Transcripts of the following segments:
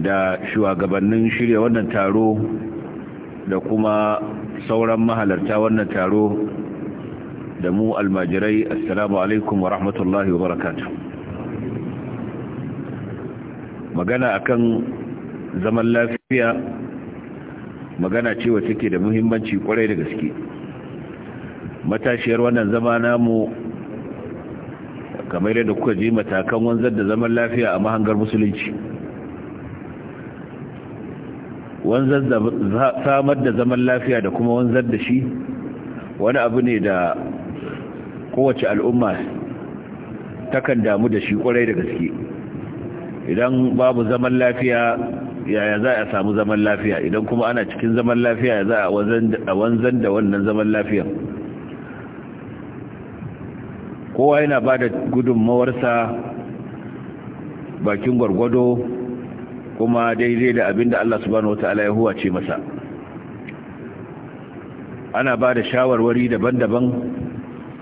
da shugabannin shirya wannan taro da kuma sauran mahalarta wannan taro da mu almajirai assalamu alaikum wa rahmatullahi wa barakatu magana akan zaman lafiya magana ce wacce da muhimmanci kwarai da gaske matashiyar wannan zama namu kamar yadda kuka ji matakan wanzar da zaman lafiya a mahangar musulunci wanzar da samar da zaman lafiya da kuma wanzar da shi wani abu ne da kowace al'umma takan damu da shi kwarai da gaske idan babu zaman lafiya yaya za a samu zaman lafiya idan kuma ana cikin zaman lafiya ya za a wanzan da wannan zaman lafiya kowa yana ba da gudunmawarsa bakin gwargwado kuma daidai da abinda Allah subhanahu wata'ala ya huwace masa ana ba da shawarwari daban-daban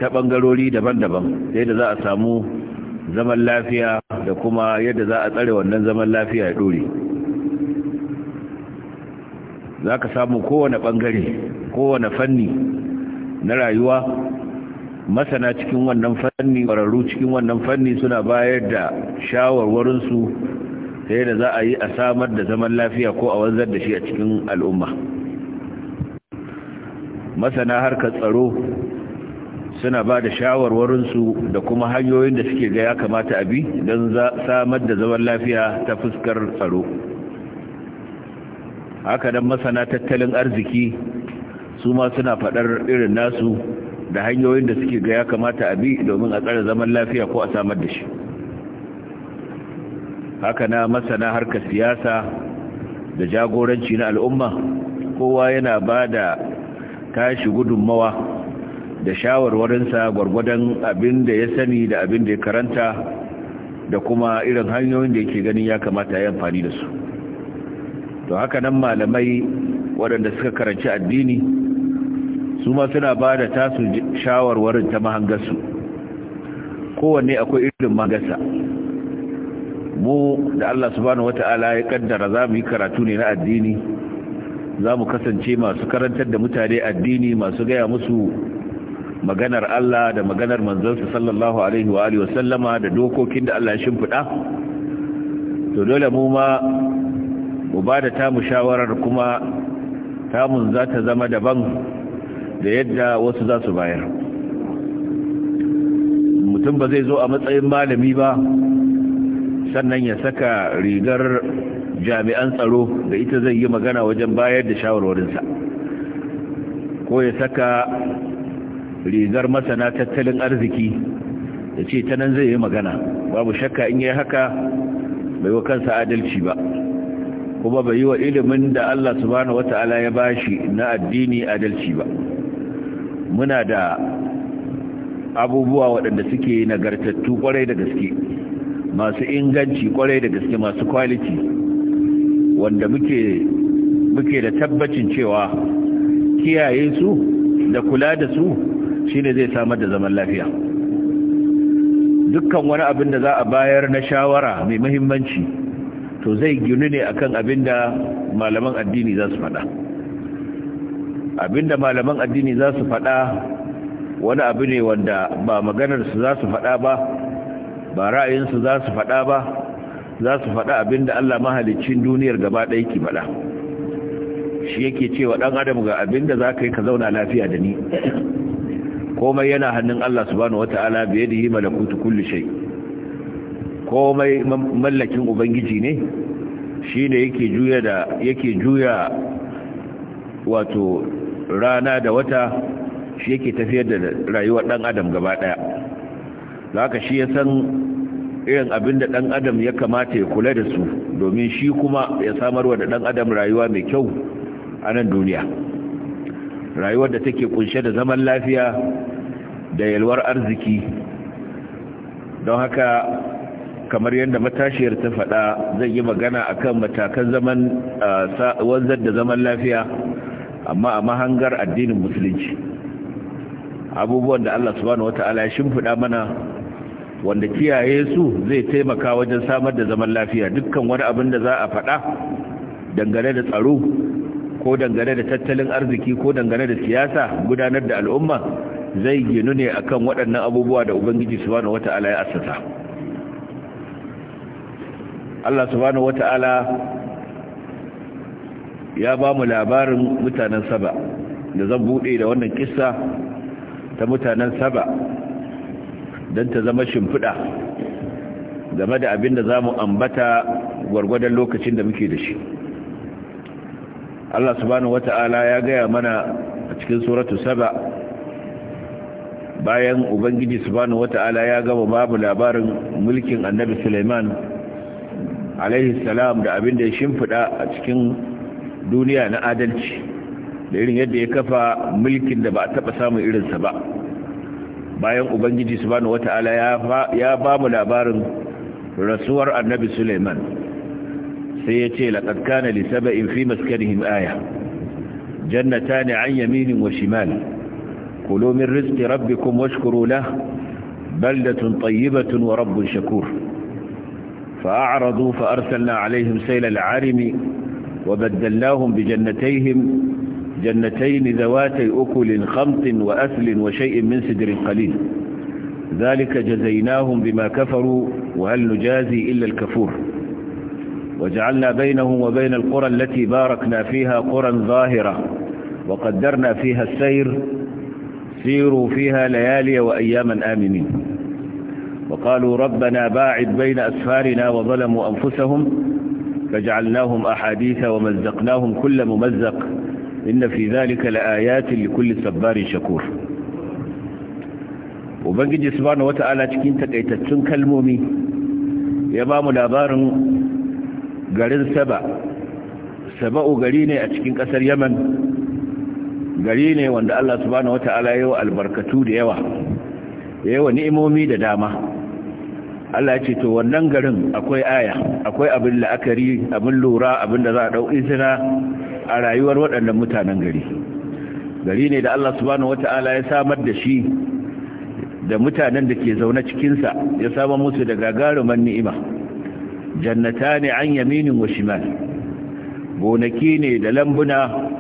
ta bangarori daban-daban yadda za a samu zaman lafiya da kuma yadda za a tsare wannan zaman lafiya ya dore za ka samu kowane bangare kowane fanni na rayuwa masana cikin wannan fanni ƙwararru cikin wannan fanni suna bayar da shawarwarinsu ta yadda za a yi a samar da zaman lafiya ko a wanzar da shi a cikin al'umma masana harkar tsaro suna ba da shawarwarinsu da kuma hanyoyin da suke ga ya kamata a bi don samar da zaman lafiya ta fuskar tsaro haka don masana tattalin arziki su ma suna faɗar irin nasu da hanyoyin da suke ga ya kamata a bi domin a tsara zaman lafiya ko a samar da shi haka na masana harkar siyasa da jagoranci na al'umma kowa yana ba da tashi gudunmawa da shawarwarinsa gwargwadon abin da ya sani da abin da ya karanta da kuma irin hanyoyin da yake ganin ya kamata ya amfani da su to haka nan malamai waɗanda suka karanci addini su ma suna ba da tasu shawarwarin ta mahangarsu kowanne akwai irin mahangarsa mu da Allah subhanahu wata'ala ya kaddara za mu yi karatu ne na addini za mu kasance masu karantar da mutane addini masu gaya musu maganar Allah da maganar manzansa sallallahu alaihi wa alihi wasallama da dokokin da Allah ya shimfiɗa to dole mu ma mu bada da tamu shawarar kuma tamun za ta zama daban da yadda wasu za su bayar mutum ba zai zo a matsayin malami ba sannan ya saka rigar jami'an tsaro da ita zai yi magana wajen bayar da shawarwarinsa ko ya saka rigar masana tattalin arziki da ce ta nan zai yi magana babu shakka in yi haka bai wa kansa adalci ba kuma bai yi wa ilimin da Allah subhanahu wata'ala ya bashi na addini adalci ba muna da abubuwa waɗanda suke nagartattu kwarai da gaske masu inganci kwarai da gaske masu kwaliti wanda muke da tabbacin cewa kiyaye su da kula da su shine zai samar da zaman lafiya dukkan wani abin da za a bayar na shawara mai mahimmanci to zai gini ne akan abin da malaman addini za su faɗa abin da malaman addini za su faɗa wani abu ne wanda ba maganar su za su faɗa ba ba ra'ayinsu za su faɗa ba za su faɗa abinda Allah mahalicin duniyar gaba ɗaya ke faɗa shi yake cewa ɗan adam ga abinda za ka yi ka zauna lafiya da ni komai yana hannun Allah subhanahu wata'ala biye da yi malakutu kulli shai. komai mallakin ubangiji ne shi ne yake juya da yake juya wato rana da wata shi yake tafiyar da rayuwar ɗan adam gaba ɗaya haka shi ya san irin abin da ɗan adam ya kamata ya kula da su domin shi kuma ya samarwa da ɗan adam rayuwa mai kyau a nan duniya rayuwar da take kunshe da zaman lafiya da yalwar arziki don haka kamar yadda matashiyar ta faɗa zai yi magana a kan matakan zaman wanzar da zaman lafiya amma a mahangar addinin musulunci abubuwan da Allah subhanahu wata'ala ya shimfiɗa mana wanda kiyaye su zai taimaka wajen samar da zaman lafiya dukkan wani abin da za a faɗa dangane da tsaro ko dangane da tattalin arziki ko dangane da siyasa gudanar da al'umma zai ginu ne akan waɗannan abubuwa da ubangiji subhanahu wata'ala ya assasa Allah subhanahu wata'ala ya ba mu labarin mutanen saba da zan buɗe da wannan kissa ta mutanen saba don ta zama shimfiɗa game da abin da za mu ambata gwargwadon lokacin da muke da shi Allah subhanahu wata'ala ya gaya mana a cikin suratu saba bayan ubangiji subhanahu wata'ala ya gama babu labarin mulkin annabi suleiman alaihi salam da abin da ya shimfiɗa a cikin duniya na adalci da irin yadda ya kafa mulkin da ba a taɓa samun irinsa ba bayan ubangiji subhanahu wata'ala ya ba mu labarin rasuwar annabi Suleiman sai ya ce laqad kana li sab'in fi maskanihim aya jannatan 'an yaminin wa shimal kulu min rizqi rabbikum washkuru lahu baldatun tayyibatun wa rabbun shakur fa'aradu fa arsalna 'alayhim sayla al'arimi bi jannatayhim جنتين ذواتي أكل خمط وأثل وشيء من سدر قليل ذلك جزيناهم بما كفروا وهل نجازي إلا الكفور وجعلنا بينهم وبين القرى التي باركنا فيها قرى ظاهرة وقدرنا فيها السير سيروا فيها ليالي وأياما آمنين وقالوا ربنا باعد بين أسفارنا وظلموا أنفسهم فجعلناهم أحاديث ومزقناهم كل ممزق inna fi zalika laayatin likulli sabbarin shakur ubangiji subhanahu wata'ala cikin takaitattun kalmomi ya ba mu labarin garin saba saba'u gari ne a cikin kasar yaman gari ne wanda Allah subhanahu wata'ala yawa albarkatu da yawa yawa ni'imomi da dama Allah ce to wannan garin akwai aya akwai abin la'akari abin lura abin da za a dau izina a rayuwar waɗannan mutanen gari gari ne da Allah subhanahu wata'ala ya samar da shi da mutanen da ke zaune cikinsa ya samar musu da gagarumar ni'ima jannata ne an yaminin wa shimal gonaki ne da lambuna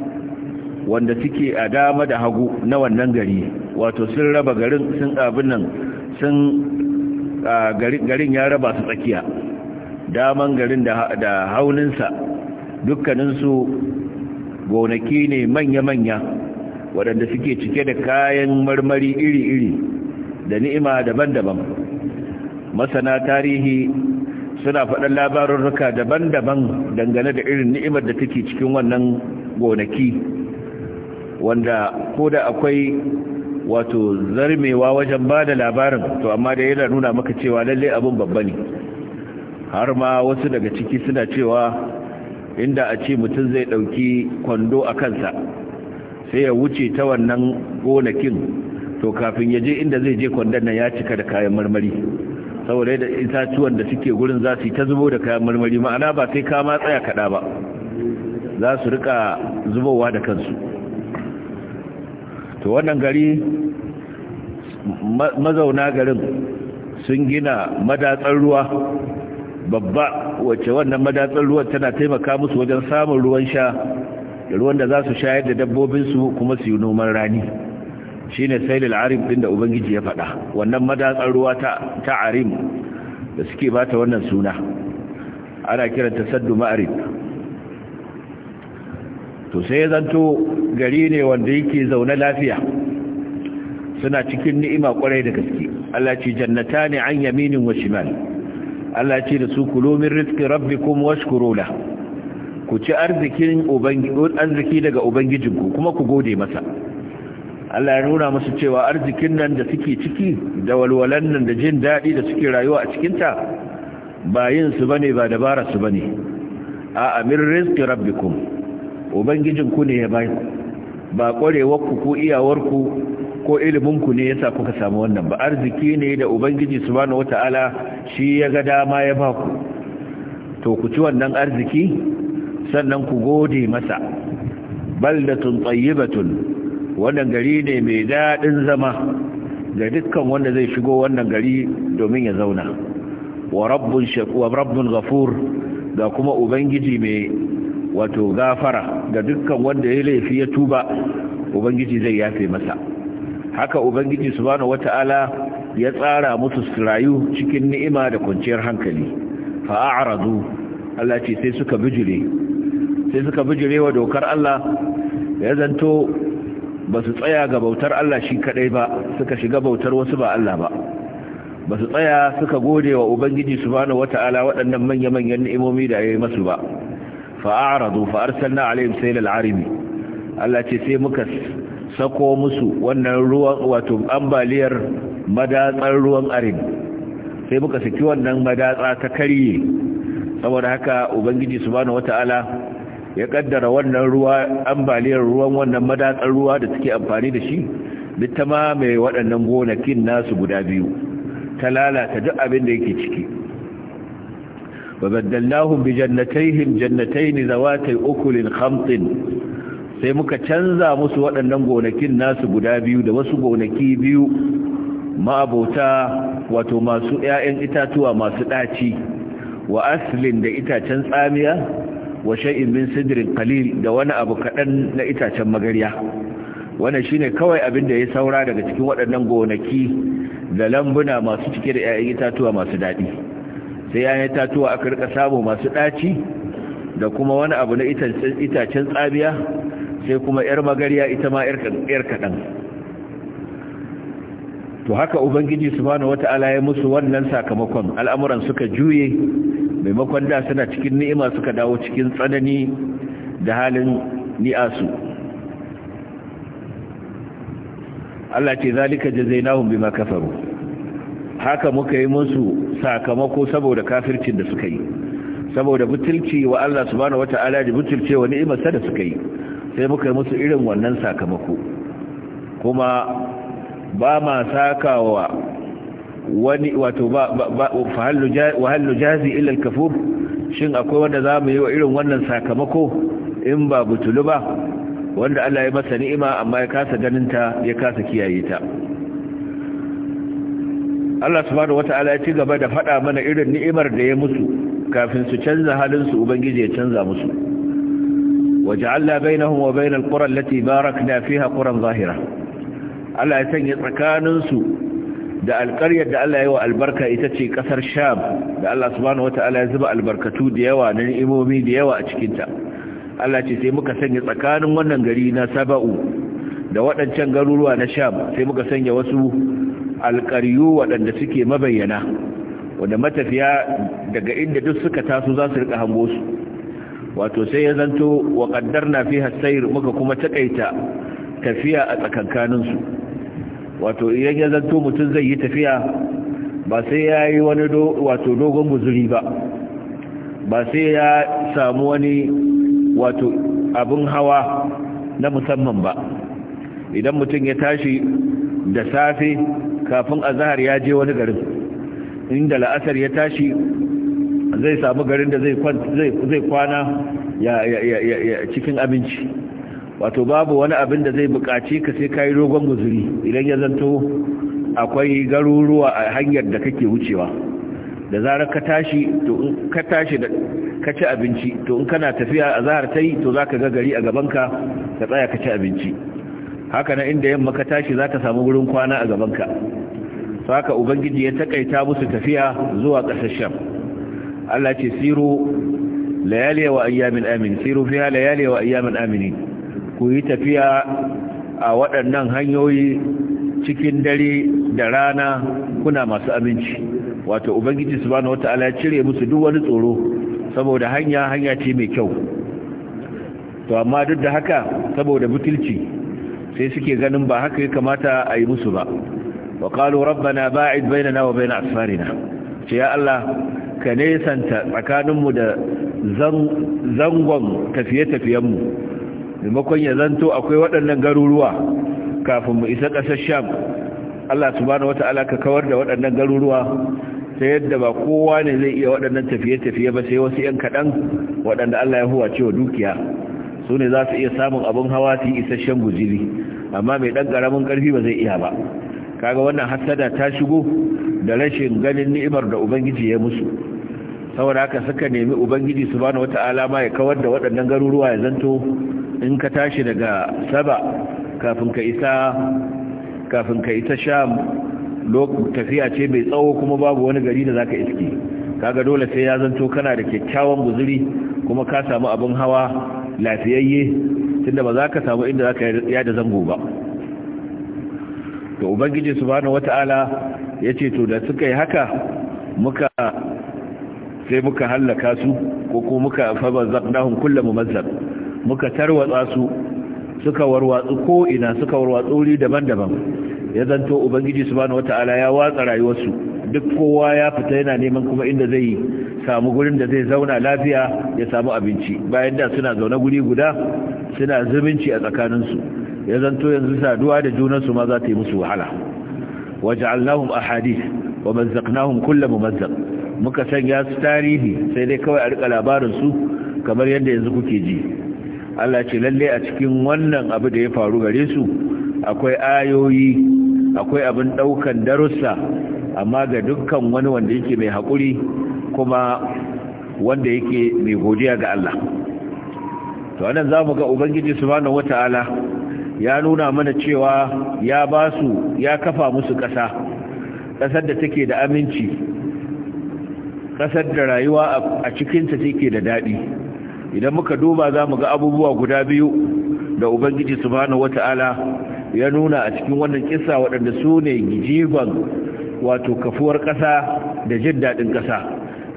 wanda suke a dama da hagu na wannan gari wato sun raba garin sun abin sun garin ya raba su tsakiya daman garin da sa dukkaninsu gonaki ne manya-manya waɗanda suke cike da kayan marmari iri-iri da ni'ima daban-daban masana tarihi suna faɗin ruka daban-daban dangane da irin ni'imar da take cikin wannan gonaki wanda ko da akwai wato zarmewa wajen ba da labarin to amma da yana nuna maka cewa lalle abin babba ne har ma wasu daga ciki suna cewa inda a ce mutum zai ɗauki kwando a kansa sai ya wuce ta wannan gonakin to kafin ya je inda zai je kwandon nan ya cika da kayan marmari saboda da itatuwan da suke gurin za su yi ta zubo da kayan marmari ma'ana ba sai kama tsaya kaɗa ba za su rika zubowa da kansu to wannan gari mazauna garin sun gina madatsar ruwa babba wacce wannan madatsar ruwan tana taimaka musu wajen samun ruwan sha da ruwan da za su shayar da dabbobinsu kuma su yi noman rani shi ne sai lil'arim ɗin da ubangiji ya faɗa wannan madatsar ruwa ta arim da suke ba ta wannan suna ana kiranta saddu Ma'arif. to sai ya zanto gari ne wanda yake zaune lafiya suna cikin ni'ima kwarai da gaske Allah ce jannata ne an yaminin wa shimali Allah ce da su kulu min rizqi rabbikum washkuru la ku ci arzikin ubangiji arziki daga ubangijinku kuma ku gode masa Allah ya nuna musu cewa arzikin nan da suke ciki da walwalan nan da jin daɗi da suke rayuwa a cikinta ba yin su bane ba dabara su bane a amir rizqi rabbikum ubangijinku ne ya bai ba kwarewarku ku ko iyawar ko iliminku ne yasa kuka samu wannan ba arziki ne da ubangiji subhanahu wataala shi ya ga dama ya ba ku to ku ci wannan arziki sannan ku gode masa baldatun tayyibatun wannan gari ne mai dadin zama ga dukkan wanda zai shigo wannan gari domin ya zauna wa rabbun shaku wa rabbun ghafur da kuma ubangiji mai wato gafara ga dukkan wanda ya laifi ya tuba ubangiji zai yafe masa haka ubangiji subhanahu wata'ala ya tsara musu rayu cikin ni'ima da kwanciyar hankali fa a'radu Allah ce sai suka bijire sai suka bijire wa dokar Allah ya zanto ba su tsaya ga bautar Allah shi kadai ba suka shiga bautar wasu ba Allah ba ba su tsaya suka gode wa ubangiji subhanahu wata'ala waɗannan manya-manyan ni'imomi da ya yi masu ba fa a'radu fa arsalna alaihim sayl al-arimi Allah ce sai muka sako musu wannan ruwan wato ambaliyar madatsar ruwan arin sai muka saki wannan madatsa ta karye saboda haka ubangiji subhanahu wata'ala ya kaddara wannan ruwa ambaliyar ruwan wannan madatsar ruwa da suke amfani da shi duk mai waɗannan gonakin nasu guda biyu ta lalata duk abin da yake ciki bi jannatayhim jannatayn ذواتي ukulin khamtin sai muka canza musu waɗannan gonakin nasu guda biyu da wasu gonaki biyu ma'abota wato masu 'ya'yan itatuwa masu ɗaci wa aslin da itacen tsamiya wa sha'in min sidirin kalil da wani abu kaɗan na itacen magarya wannan shine kawai abin da ya saura daga cikin waɗannan gonaki da lambuna masu cike da 'ya'yan itatuwa masu daɗi sai 'ya'yan itatuwa aka rika samu masu ɗaci da kuma wani abu na itacen tsabiya sai kuma ‘yar magariya ita ma ‘yar kaɗan to haka ubangiji su bani wata'ala ya musu wannan sakamakon al'amuran suka juye maimakon da suna cikin ni'ima suka dawo cikin tsanani da halin ni'asu Allah ce zalika jazainahum bima kafaru haka muka yi musu sakamako saboda kafircin da suka yi saboda butulci wa Allah subhanahu wata'ala da butulce wa sa da suka yi sai muka yi musu irin wannan sakamako kuma ba ma sakawa wani wato ba hallu jazi ilal kafur shin akwai wanda za mu yi wa irin wannan sakamako in ba butulu ba wanda Allah ya masa ni'ima amma ya kasa ganinta ya kasa kiyaye ta Allah subhanahu wata'ala ya ci gaba da faɗa mana irin ni'imar da ya musu kafin su canza halin su ubangiji ya canza musu وجعلنا بينهم وبين القرى التي باركنا فيها zahira? ظاهرة ألا يتنجي تكاننسو da alƙaryar da Allah yawa albarka ita ce ƙasar Sham da Allah ya zuba albarkatu da yawa na ni'imomi da yawa a cikinta Allah ce sai muka sanya tsakanin wannan gari na Saba'u da waɗancan garuruwa na Sham sai muka sanya wasu alƙaryu waɗanda suke mabayyana wanda matafiya daga inda duk suka taso za su riƙa hango su wato sai ya zanto wa na fi sayr muka kuma takaita tafiya a tsakankanin su wato idan ya zanto mutum zai yi tafiya ba sai ya yi wani wato dogon guzuri ba ba sai ya samu wani wato abin hawa na musamman ba idan mutum ya tashi da safe kafin azahar ya je wani garin inda la'asar ya tashi zai samu garin da zai kwana cikin abinci wato babu wani abin da zai bukaci ka sai ka rogon guzuri idan ya zanto akwai garuruwa a hanyar da kake wucewa da zarar ka tashi to ka tashi da ka ci abinci to in kana tafiya a zahar ta to za ka ga gari a gabanka ka tsaya ka ci abinci haka na inda yamma ka tashi za ka samu wurin kwana a gabanka ka. haka ubangiji ya takaita musu tafiya zuwa kasashen Allah ce siru layali wa ayyamin amin siru fiha layali wa ayyamin amini ku yi tafiya a waɗannan hanyoyi cikin dare da rana kuna masu aminci wato ubangiji subhanahu wataala ya cire musu duk wani tsoro saboda hanya hanya ce mai kyau to amma duk da haka saboda butulci sai suke ganin ba haka ya kamata a yi musu ba wa qalu rabbana ba'id bainana wa bain asfarina ce ya Allah ka nesanta tsakaninmu da zangon tafiye-tafiyenmu maimakon ya zanto akwai waɗannan garuruwa kafin mu isa ƙasar sham Allah subhanahu wata'ala ka kawar da waɗannan garuruwa ta yadda ba kowa ne zai iya waɗannan tafiye-tafiye ba sai wasu 'yan kaɗan waɗanda Allah ya huwa cewa dukiya su ne za su iya samun abin hawa su yi isasshen guzili amma mai ɗan ƙaramin ƙarfi ba zai iya ba kaga wannan hasada ta shigo da rashin ganin ni'imar da ubangiji ya musu saboda haka suka nemi ubangiji subhanahu wata'ala ma ya kawar da waɗannan garuruwa ya zanto in ka tashi daga saba kafin ka isa kafin ka isa sham tafiya ce mai tsawo kuma babu wani gari da zaka iske kaga dole sai ya zanto kana da kyakkyawan guzuri kuma ka samu abin hawa lafiyayye tunda ba za ka samu inda za ka yada zango ba to ubangiji subhanahu wata'ala yace to da suka yi haka muka sai muka hallaka su ko ko muka fabazzaqnahum kullu mumazzab muka tarwatsa su suka warwatsu ko ina suka warwatsu wuri daban-daban ya zanto ubangiji subhanahu wata'ala ya watsa rayuwarsu duk kowa ya fita yana neman kuma inda zai samu gurin da zai zauna lafiya ya samu abinci bayan da suna zaune guri guda suna zumunci a tsakaninsu ya zanto yanzu saduwa da junansu ma za ta yi musu wahala waja'alnahum ahadith wa mazzaqnahum kullu mumazzaq muka sanya su tarihi sai dai kawai a rika labarin su kamar yadda yanzu kuke ji Allah ce lalle a cikin wannan abu da ya faru gare su akwai ayoyi akwai abin daukan darussa amma ga dukkan wani wanda yake mai hakuri kuma wanda yake mai godiya ga Allah to anan zamu ga ubangiji subhanahu wataala ya nuna mana cewa ya ba su ya kafa musu ƙasa ƙasar da take da aminci ƙasar da rayuwa a cikinta take da daɗi idan muka duba za mu ga abubuwa guda biyu da ubangiji subhanahu wata'ala ya nuna a cikin wannan kisa waɗanda su ne jiban wato kafuwar ƙasa da jin daɗin ƙasa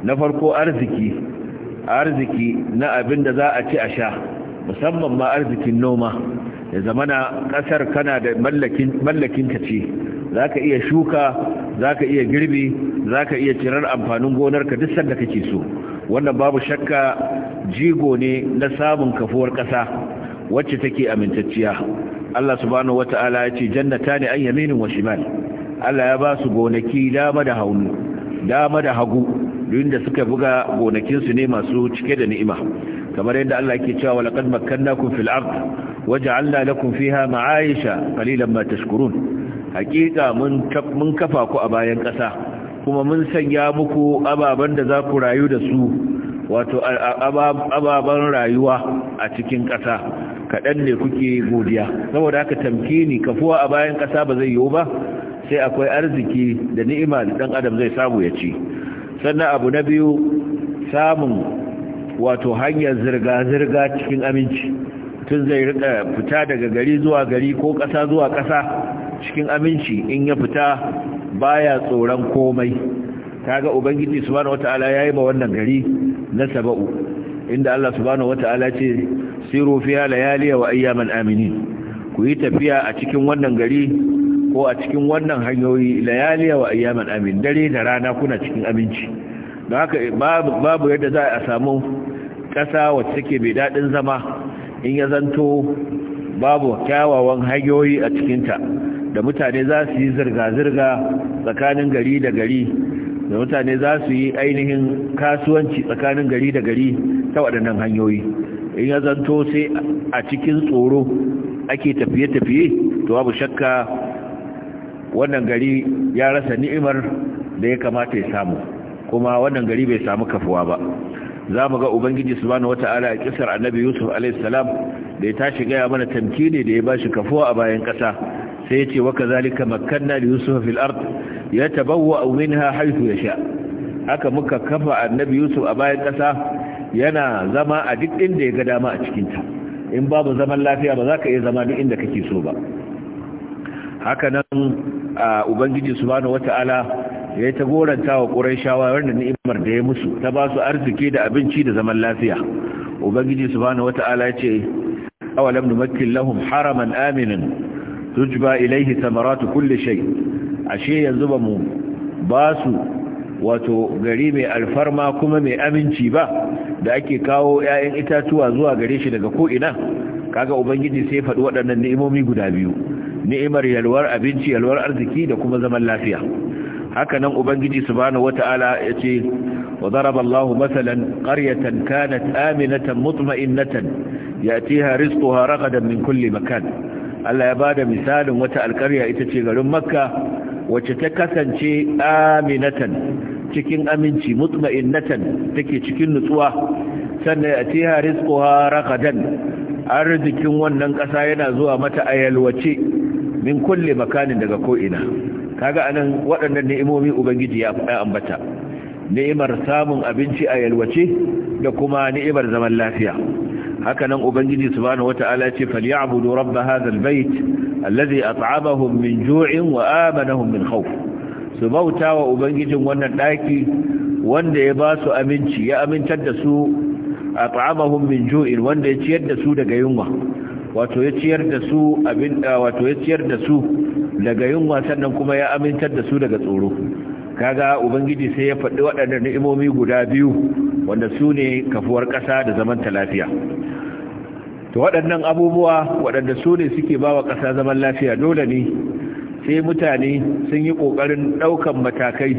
na farko arziki arziki na abin da za a ci a sha musamman ma arzikin noma ya zamana na ƙasar kana da mallakinka ce za ka iya shuka za ka iya girbi za ka iya cirar amfanin gonarka duk sanda kake so wannan babu shakka jigo ne na samun kafuwar ƙasa wacce take amintacciya Allah subhanahu wata'ala ya ce jannata ne an yaminin wa shimal Allah ya ba su gonaki dama da haunu dama da hagu duk da suka buga gonakinsu ne masu cike da ni'ima kamar yadda Allah yake cewa walaqad makkannakum fil ard waja'alna lakum fiha ma'aisha qalilan ma tashkurun haqiqa mun mun kafa ku a bayan ƙasa kuma mun sanya muku ababan da za ku rayu da su wato ababan rayuwa a cikin ƙasa kaɗan ne kuke godiya saboda haka tamkini kafuwa a bayan ƙasa ba zai yiwu ba sai akwai arziki da ni'ima da ɗan adam zai samu ya ci sannan abu na biyu samun wato hanyar zirga-zirga cikin aminci tun zai rika fita daga gari zuwa gari ko ƙasa zuwa ƙasa cikin aminci in ya fita baya tsoron komai ta ga ubangiji subhanahu wataala ya yi ba wannan gari na saba'u inda Allah subhanahu wataala ce siru fiha layaliya wa ayyaman aminin ku yi tafiya a cikin wannan gari ko a cikin wannan hanyoyi layaliya wa ayyaman amin dare da rana kuna cikin aminci don haka babu yadda za a samu ƙasa wacce take mai daɗin zama in ya zanto babu kyawawan hanyoyi a cikinta da mutane za su yi zirga-zirga tsakanin gari da gari da mutane za su yi ainihin kasuwanci tsakanin gari da gari ta waɗannan hanyoyi in ya zanto sai a cikin tsoro ake tafiye-tafiye to babu shakka wannan gari ya rasa ni'imar da ya kamata ya samu kuma wannan gari bai samu kafuwa ba za mu ga ubangiji subhanahu wata'ala a kisar annabi yusuf alayhi salam da ya tashi gaya mana tamkini da ya bashi kafuwa a bayan kasa sai ya ce wa kazalika Makanna li yusuf fil ard yatabawwa minha haythu yasha haka muka kafa annabi yusuf a bayan kasa yana zama a duk inda ya ga dama a cikin ta in babu zaman lafiya ba za ka iya zama duk inda kake so ba haka nan ubangiji subhanahu wata'ala ya ta goranta wa shawa wanda ni'imar da ya musu ta ba su arziki da abinci da zaman lafiya ubangiji subhanahu wata'ala ala ce awalam numakkin lahum haraman aminin tujba ilaihi samaratu kulli shai ashe yanzu ba mu ba su wato gari mai alfarma kuma mai aminci ba da ake kawo 'ya'yan itatuwa zuwa gare shi daga ko ko'ina kaga ubangiji sai faɗi waɗannan ni'imomi guda biyu ni'imar yalwar abinci yalwar arziki da kuma zaman lafiya haka nan ubangiji subhanahu wata'ala yace wa daraba Allahu masalan qaryatan kanat aminatan mutma'innatan yatiha rizquha ragadan min kulli makan Allah ya bada misalin wata alƙarya ita ce garin Makka wacce ta kasance aminatan cikin aminci mutma'innatan take cikin nutsuwa sannan yatiha rizquha ragadan arzikin wannan kasa yana zuwa mata ayalwace min kulle makanin daga ko'ina kaga anan waɗannan ni'imomi ubangiji ya faɗa ambata ni'imar samun abinci a yalwace da kuma ni'imar zaman lafiya haka nan ubangiji subhanahu wata'ala ce falyabudu rabb hadha albayt alladhi at'amahum min ju'in wa amanahum min khawf su bauta wa ubangijin wannan daki wanda ya ba su aminci ya amintar da su at'amahum min ju'in wanda ya ciyar da su daga yunwa wato ya ciyar da su abin ah, wato ya ciyar da su daga yunwa sannan kuma ya amintar da su daga tsoro kaga ubangiji sai ya faɗi waɗannan ni'imomi guda biyu wanda su ne kafuwar ƙasa da zaman ta lafiya to waɗannan abubuwa waɗanda su ne suke bawa ƙasa zaman lafiya dole ne sai mutane sun yi ƙoƙarin ɗaukan matakai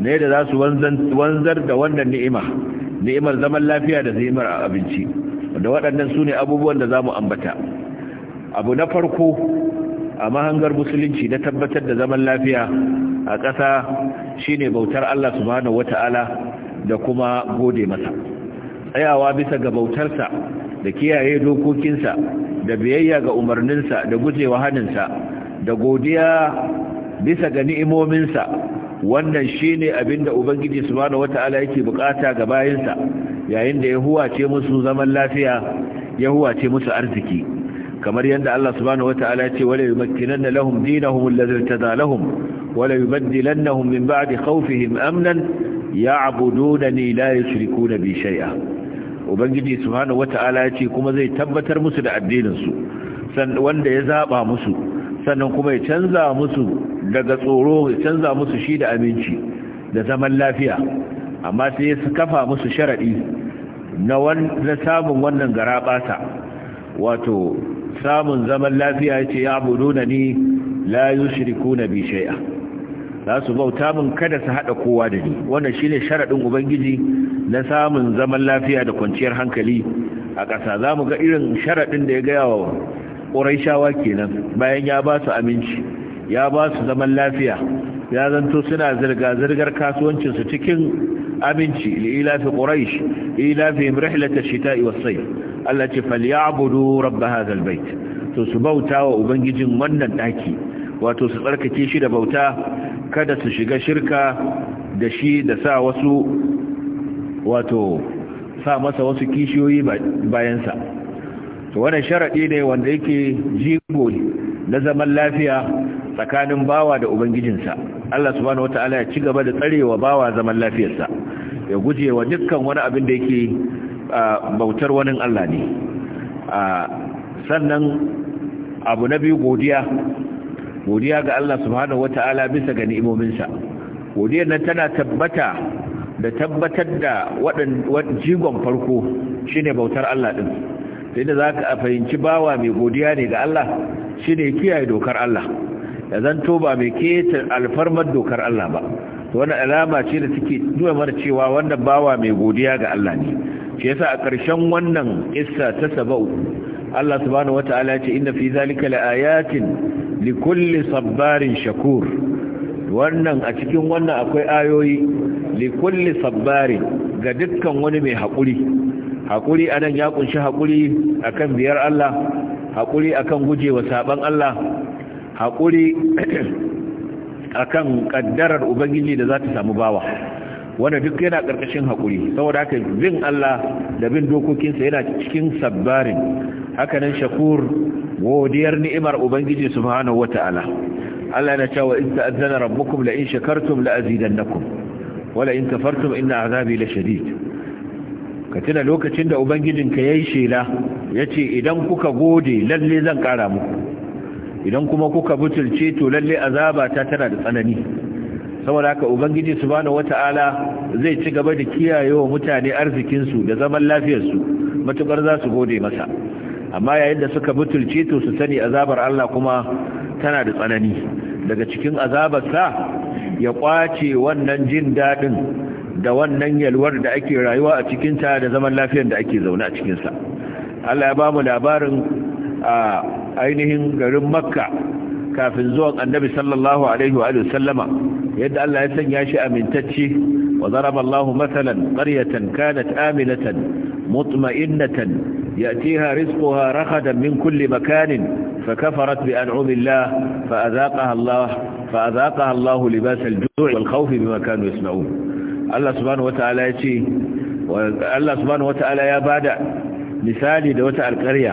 na yadda za su wanzar da wannan ni'ima ni'imar zaman lafiya da ni'imar abinci da waɗannan su ne abubuwan da za mu ambata abu na farko a mahangar musulunci na tabbatar da zaman lafiya a ƙasa shi ne bautar Allah subhanahu wata'ala da kuma gode masa tsayawa bisa ga bautarsa da kiyaye dokokinsa da biyayya ga umarninsa da gujewa haninsa da godiya bisa ga ni'imominsa wannan shi ne abinda ubangiji su subhanahu wataala yake bukata ga bayinsa yayin da ya huwace musu zaman lafiya ya huwace musu arziki kamar yadda Allah subhanahu wataala yace wala yumakkinanna lahum dinahum alladhi tadalahum wala yubaddilannahum min ba'di khawfihim amnan ya'budunani la yushrikuna bi shay'a ubangiji subhanahu wataala yace kuma zai tabbatar musu da addinin su wanda ya zaba musu sannan kuma ya canza musu daga tsoro ya canza musu shi da aminci da zaman lafiya amma sai ya kafa musu sharaɗi na samun wannan gara ɓata wato samun zaman lafiya ce ya abu ni la shiriku na bishaya za su bauta min kada su haɗa kowa da ni wannan shine sharaɗin ubangiji na samun zaman lafiya da kwanciyar hankali a ƙasa za mu ga irin sharaɗin da ya gaya wa ƙuraishawa kenan bayan ya ba su aminci ya ba su zaman lafiya ya zanto suna zirga-zirgar kasuwancinsu cikin aminci li'ilafi quraish ilafi rihlata shita was-sayf Allah ce falyabudu rabb hadha to su bauta wa ubangijin wannan daki wato su tsarkake shi da bauta kada su shiga shirka da shi da sa wasu wato sa masa wasu kishiyoyi bayansa sa to wannan ne wanda yake jigo na zaman lafiya tsakanin bawa da ubangijinsa Allah subhanahu wataala ya ci gaba da tsarewa bawa zaman lafiyarsa ya guje wa dukkan wani abin da yake bautar wani Allah ne sannan abu na biyu godiya godiya ga Allah subhanahu wataala bisa ga ni'imominsa godiyar nan tana tabbata da tabbatar da waɗannan jigon farko shine bautar Allah din sai da za fahimci bawa mai godiya ne ga Allah shine ne kiyaye dokar Allah ya zanto ba mai keta alfarmar dokar Allah ba wani alama ce da take nuna mana cewa wanda bawa mai godiya ga Allah ne shi yasa a ƙarshen wannan issa ta sabau Allah subhanahu wata'ala ce inna fi zalika laayatin likulli sabbarin shakur wannan a cikin wannan akwai ayoyi likulli sabbarin ga dukkan wani mai hakuri haƙuri anan ya kunshi hakuri akan biyar Allah hakuri akan gujewa saban Allah haƙuri kan kaddarar ubangiji da za ta samu bawa wanda duk yana karkashin hakuri saboda haka bin Allah da bin dokokinsa yana cikin sabbarin hakanan shakur godiyar ni'imar ubangiji subhanahu wata'ala Allah yana cewa in ta'azzana rabbukum la in shakartum la azidannakum wala in kafartum inna azabi la shadid ka tuna lokacin da ubangijinka yayi shela yace idan kuka gode lalle zan kara muku idan kuma kuka butulce to lalle azaba ta tana da tsanani saboda haka ubangiji subhanahu wata'ala zai ci gaba da kiyayewa mutane arzikinsu da zaman lafiyarsu matukar za su gode masa amma yayin da suka butulce to su sani azabar Allah kuma tana da tsanani daga cikin azabar sa ya kwace wannan jin dadin da wannan yalwar da ake rayuwa a cikin ta da zaman lafiyar da ake zaune a cikinsa Allah ya ba mu labarin a ainihin garin makka kafin zuwan annabi sallallahu alaihi wa sallama yadda Allah ya sanya shi amintacce wa zaraba Allah masalan qaryatan kanat aminatan mutma'innatan yatiha rizquha rakhadan min kulli makanin fakafarat bi an'amillah fa azaqaha Allah fa azaqaha Allah libas al-ju' wal khawf bima kanu yasma'un Allah subhanahu wa ta'ala ya ce Allah subhanahu wa ta'ala ya bada misali da wata alƙarya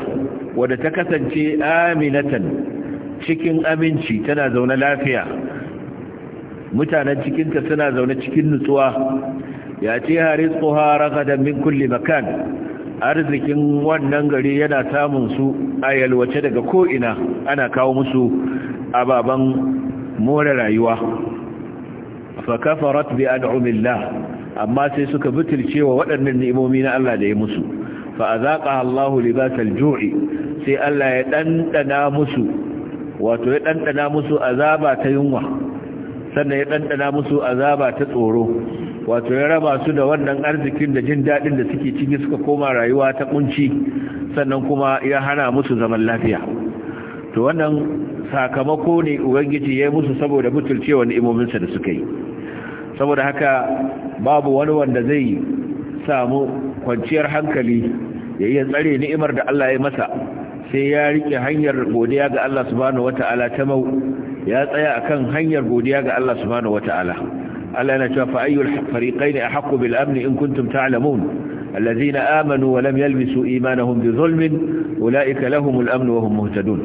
wadda ta kasance aminatan cikin aminci tana zaune lafiya mutanen cikinta suna zaune cikin nutsuwa ya ce harizquha ragadan min kulli makan arzikin wannan gari yana samun su a yalwace daga ko'ina ana kawo musu ababen more rayuwa fakafarat bi an'umillah amma sai suka butulce wa waɗannan ni'imomi na Allah da ya musu fa azaqa Allahu libasal ju'i sai Allah ya ɗanɗana musu wato ya ɗanɗana musu azaba ta yunwa sannan ya ɗanɗana musu azaba ta tsoro wato ya raba su da wannan arzikin da jin daɗin da suke ciki suka koma rayuwa ta ƙunci sannan kuma ya hana musu zaman lafiya to wannan sakamako ne ubangiji ya yi musu saboda mutuncewa ni'imominsa da suka yi saboda haka babu wani wanda zai samu kwanciyar hankali ya yi tsare ni'imar da Allah ya masa sai ya rike hanyar godiya ga Allah subhanahu wata'ala ta mau ya tsaya akan hanyar godiya ga Allah subhanahu wata'ala Allah yana cewa fa ayyul fariqain ahqqu bil amn in kuntum ta'lamun alladhina amanu wa lam yalbisu imanahum bi zulmin ulaika lahumul amn wa hum muhtadun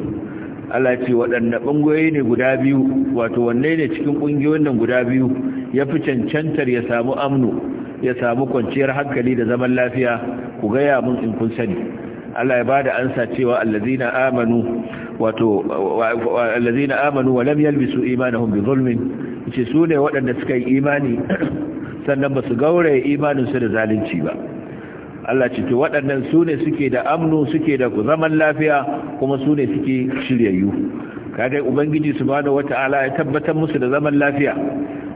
Allah ce waɗanne bangoye ne guda biyu wato wanne ne cikin kungiyoyin nan guda biyu yafi cancantar ya samu amnu ya samu kwanciyar hankali da zaman lafiya ku ga ya mun in kun sani Allah ya bada ansa cewa allazina amanu wato allazina amanu wa lam yalbisu imanahum bi zulmin ce su waɗanda suka yi imani sannan ba su gaure imanin su da zalunci ba Allah ce to waɗannan su suke da amnu suke da zaman lafiya kuma su ne suke shiryayyu kaga ubangiji subhanahu wata'ala ya tabbatar musu da zaman lafiya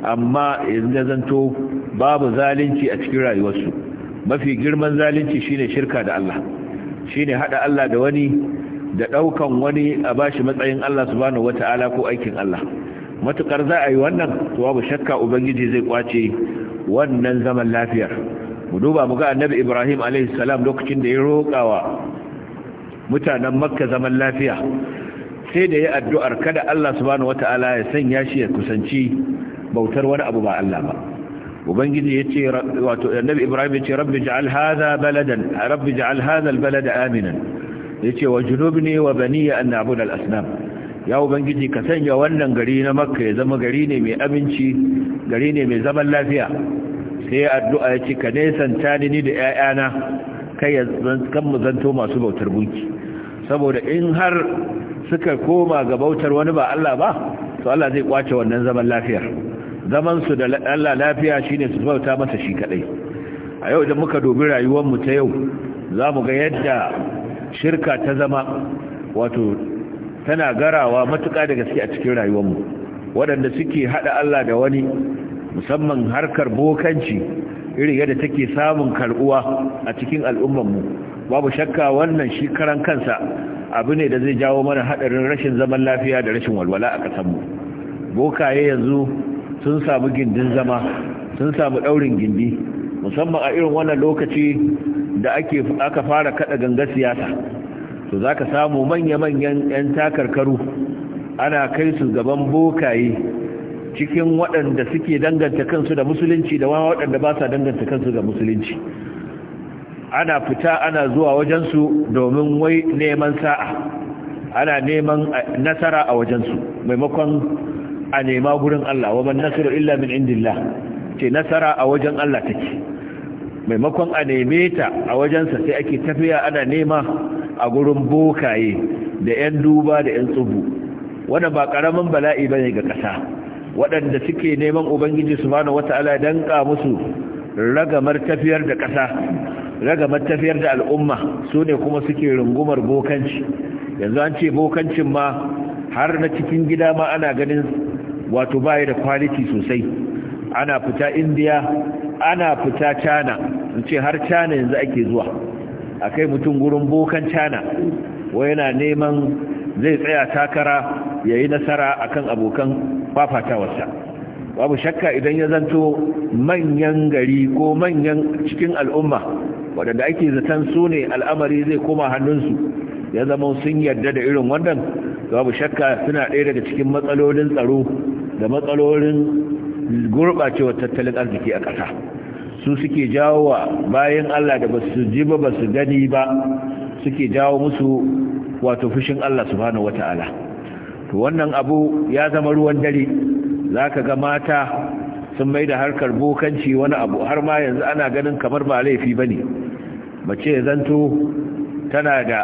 amma yanzu zanto babu zalunci a cikin rayuwarsu mafi girman zalunci shine shirka da Allah Shi ne haɗa Allah da wani da ɗaukan wani a bashi matsayin Allah su wata wataala ko aikin Allah Matuƙar za a yi wannan to shakka ubangiji zai kwace wannan zaman lafiyar mu duba mu ga annabi Ibrahim a.s. lokacin da ya wa mutanen Makka zaman lafiya sai da ya addu'ar kada Allah su wata wataala ya sanya shi ya kusanci bautar wani abu ba Allah ba ubangiji yace wato annabi ibrahim yace rabbi ja'al hadha baladan rabbi ja'al hadha albalad aminan yace wajnubni wa bani an na'budu al-asnam ya ubangiji ka sanya wannan gari na makka ya zama gari ne mai aminci gari ne mai zaman lafiya sai addu'a yace ka nesanta ni da 'ya'yana kai kan mu zanto masu bautar gunki saboda in har suka koma ga bautar wani ba Allah ba to Allah zai kwace wannan zaman lafiyar zaman su da Allah lafiya shine su bauta masa shi kaɗai. a yau da muka dubi rayuwar mu ta yau za mu ga yadda shirka ta zama wato tana garawa matuƙa da gaske a cikin rayuwar mu waɗanda suke haɗa Allah da wani musamman harkar bokanci irin yadda take samun karbuwa a cikin al'ummar mu babu shakka wannan shi karan kansa abu ne da zai jawo mana hadarin rashin zaman lafiya da rashin walwala a ƙasar mu bokaye yanzu sun samu gindin zama sun samu daurin gindi musamman a irin wannan lokaci da ake aka fara kada ganga siyasa to zaka samu manya-manyan yan takarkaru ana kai su gaban bokaye cikin waɗanda suke danganta kansu da musulunci da waɗanda ba sa danganta kansu ga musulunci ana fita ana zuwa wajensu domin wai neman sa'a ana neman nasara a wajensu maimakon a nema gurin Allah wa man illa min indillah ce nasara a wajen Allah take maimakon a neme ta a wajensa sai ake tafiya ana nema a gurin bokaye da 'yan duba da 'yan tsubu wannan ba karamin bala'i bane ga ƙasa waɗanda suke neman ubangiji subhanahu wata'ala ka musu ragamar tafiyar da ƙasa ragamar tafiyar da al'umma su ne kuma suke rungumar bokanci yanzu an ce bokancin ma har na cikin gida ma ana ganin wato baya da kwaliti sosai ana fita indiya ana fita china in ce har china yanzu ake zuwa akai mutum gurin bokan china wa yana neman zai tsaya takara ya yi nasara a kan abokan fafatawarsa babu shakka idan ya zanto manyan gari ko manyan cikin al'umma waɗanda ake zaton su ne al'amari zai koma hannunsu ya zama sun yarda da irin wannan babu shakka suna ɗaya daga cikin matsalolin tsaro da matsalolin gurɓacewar tattalin arziki a ƙasa su suke jawo wa bayan Allah da ba su ji ba ba su gani ba suke jawo musu wato fushin Allah subhanahu wata'ala to wannan abu ya zama ruwan dare zaka ga mata sun mai da harkar bokanci wani abu har ma yanzu ana ganin kamar ba laifi bane mace zanto tana da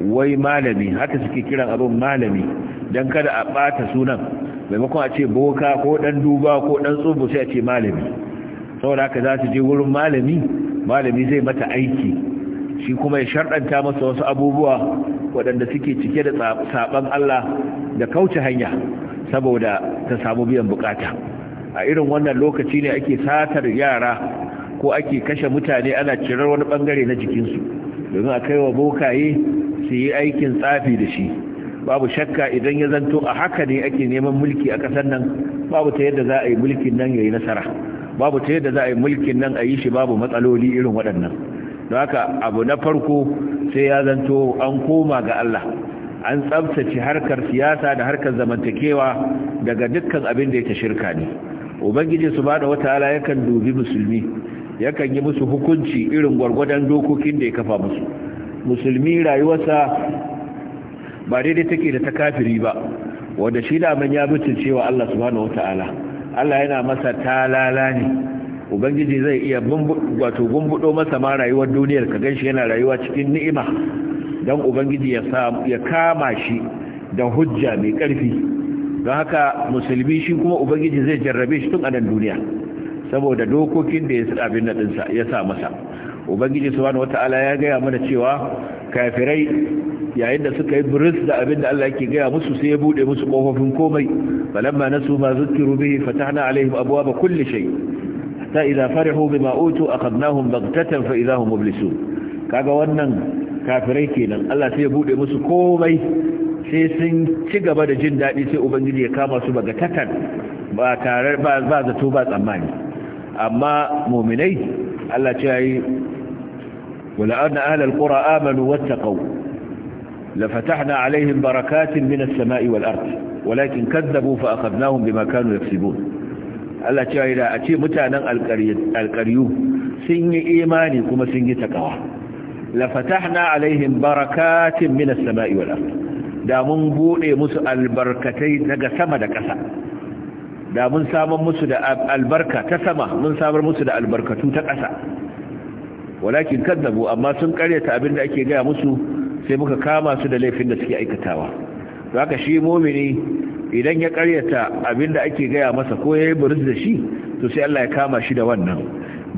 wai malami haka suke kiran abin malami don kada a ɓata sunan maimakon a ce boka ko dan duba ko dan tsubu sai a ce malami saboda haka za su je wurin malami malami zai mata aiki shi kuma ya sharɗanta masa wasu abubuwa waɗanda suke cike da saɓan Allah da kauce hanya saboda ta samu biyan bukata a irin wannan lokaci ne ake satar yara ko ake kashe mutane ana cirar wani bangare na jikinsu domin a kai wa bokaye su yi aikin tsafi da shi babu shakka idan ya zanto a haka ne ake neman mulki a kasar nan babu ta yadda za a yi mulkin nan ya yi nasara babu ta yadda za a yi mulkin nan a yi shi babu matsaloli irin waɗannan don haka abu na farko sai ya zanto an koma ga Allah an tsabtace harkar siyasa da harkar zamantakewa daga dukkan abin da yake shirka ne ubangiji su subhanahu wataala yakan dubi musulmi yakan yi musu hukunci irin gwargwadon dokokin da ya kafa musu musulmi rayuwarsa ba daidai take da ta kafiri ba wanda shi da man ya butulce cewa Allah subhanahu wataala Allah yana masa talala ne ubangiji zai iya wato gumbudo masa ma rayuwar duniyar ka ganshi yana rayuwa cikin ni'ima dan ubangiji ya ya kama shi da hujja mai karfi don haka musulmi shi kuma ubangiji zai jarrabe shi tun anan duniya saboda dokokin da ya abin na ya sa masa ubangiji subhanahu wataala ya gaya mana cewa kafirai yayin da suka yi buris da abin da Allah yake gaya musu sai ya buɗe musu kofofin komai falamma nasu ma zukkiru bihi fatahna alaihim abwaaba kulli shay hatta idza farihu bima utu akhadnahum baghtatan fa idza hum mublisun kaga wannan kafirai kenan Allah sai ya buɗe musu komai sai sun ci gaba da jin daɗi sai ubangiji ya kama su baghtatan ba tare ba ba zato ba tsammani amma mu'minai Allah ce yi. wala anna ahlal qura amanu wattaqu لفتحنا عليهم بركات من السماء والأرض ولكن كذبوا فأخذناهم بما كانوا يكسبون Allah cewa da a ce mutanen alƙaryu sun yi imani kuma sun yi takawa la fatahna alaihim barakatin minas sama'i wal ard da mun bude musu albarkatai daga sama da ƙasa da mun samar musu da albarka ta sama mun samar musu da albarkatu ta ƙasa walakin kadzabu amma sun karyata abin da ake gaya musu sai muka kama su da laifin da suke aikatawa zaka shi momini idan ya karyata abin da ake gaya masa ko ya yi buris da shi to sai Allah ya kama shi da wannan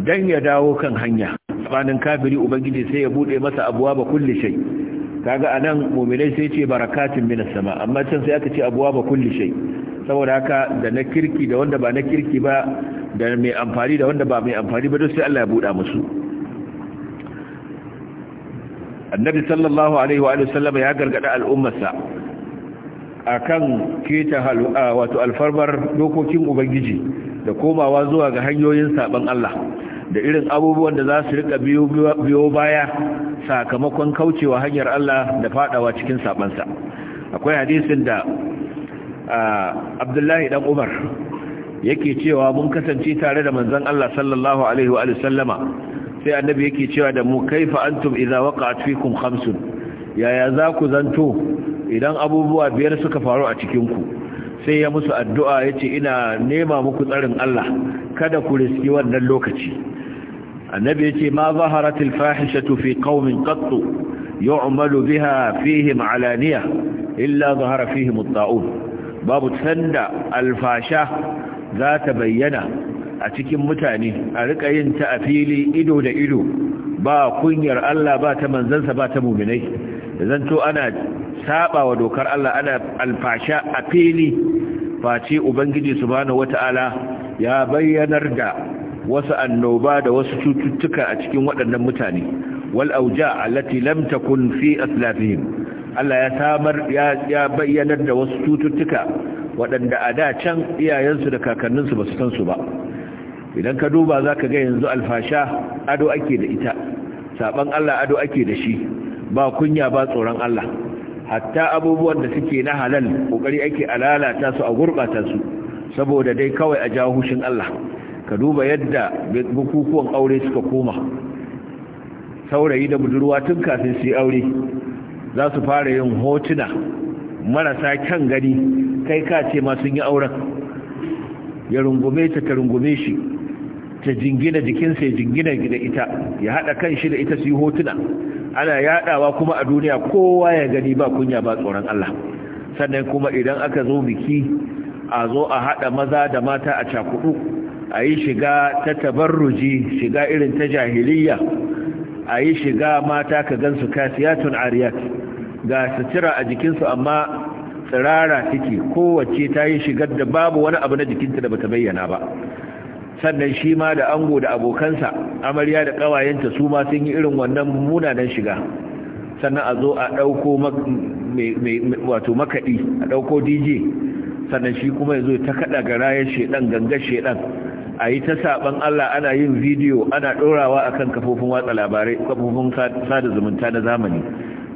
dan ya dawo kan hanya tsanin kafiri ubangiji sai ya bude masa abuwa ba kulli shay kaga anan mu'minai sai ce barakatun minas sama amma can sai aka ce abuwa ba kulli shay saboda haka da na kirki da wanda ba na kirki ba da mai amfani da wanda ba mai amfani ba duk sai Allah ya buɗa musu annabi sallallahu alaihi wa sallama ya gargada al'ummarsa akan keta wato alfarbar dokokin ubangiji da komawa zuwa ga hanyoyin saban Allah da irin abubuwan da za su rika biyo baya sakamakon kaucewa hanyar Allah da faɗawa cikin sabansa akwai hadisin da Abdullahi dan Umar yake cewa mun kasance tare da manzon Allah sallallahu alaihi wa sallama sai annabi yake cewa da mu kaifa antum idza waqa'at fikum khamsun yaya za ku zanto idan abubuwa biyar suka faru a cikin ku sai ya musu addu'a yace ina nema muku tsarin Allah kada ku riski wannan lokaci annabi yace ma zaharatil fahishatu fi qaumin qattu yu'malu biha fihim alaniya illa zahara fihim at-ta'un babu sanda alfasha za ta bayyana a cikin mutane a rika yin ta a fili ido da ido ba kunyar Allah ba ta manzansa ba ta muminai da zanto ana saba wa dokar Allah ana alfasha a fili face ubangiji subhanahu wata'ala ya bayyanar da wasu annoba da wasu cututtuka a cikin waɗannan mutane wal auja allati lam takun fi aslafihim Allah ya samar ya bayyanar da wasu cututtuka waɗanda a da can iyayensu da kakanninsu ba su san su ba idan ka duba za ka ga yanzu alfasha ado ake da ita saban Allah ado ake da shi ba kunya ba tsoron Allah hatta abubuwan da suke na halal kokari ake alalata su a gurbata su saboda dai kawai a jahushin Allah ka duba yadda bukukuwan aure suka koma saurayi da budurwa tun kafin su yi aure za su fara yin hotuna marasa kyan gani kai ka ce ma sun yi auren ya rungume ta ta rungume shi ta jingina jikinsa ya jingina da ita ya hada kan shi da ita su yi hotuna ana yadawa kuma a duniya kowa ya gani ba kunya ba tsoron Allah sannan kuma idan aka zo biki a zo a hada maza da mata a cakudu a yi shiga ta tabarruji shiga irin ta jahiliya a yi shiga mata ka gansu kasiyatun ariyat ga sutura a jikinsu amma tsirara take kowace ta yi shigar da babu wani abu na jikinta da bata bayyana ba sannan shi ma da ango da abokansa amarya da ƙawayenta su ma sun yi irin wannan munanan shiga sannan a zo a ɗauko wato makaɗi a ɗauko dj sannan shi kuma ya zo ta kaɗa ga rayar shaɗan ganga shaɗan a yi ta saɓan allah ana yin bidiyo ana ɗorawa a kan kafofin watsa labarai kafofin sada zumunta na zamani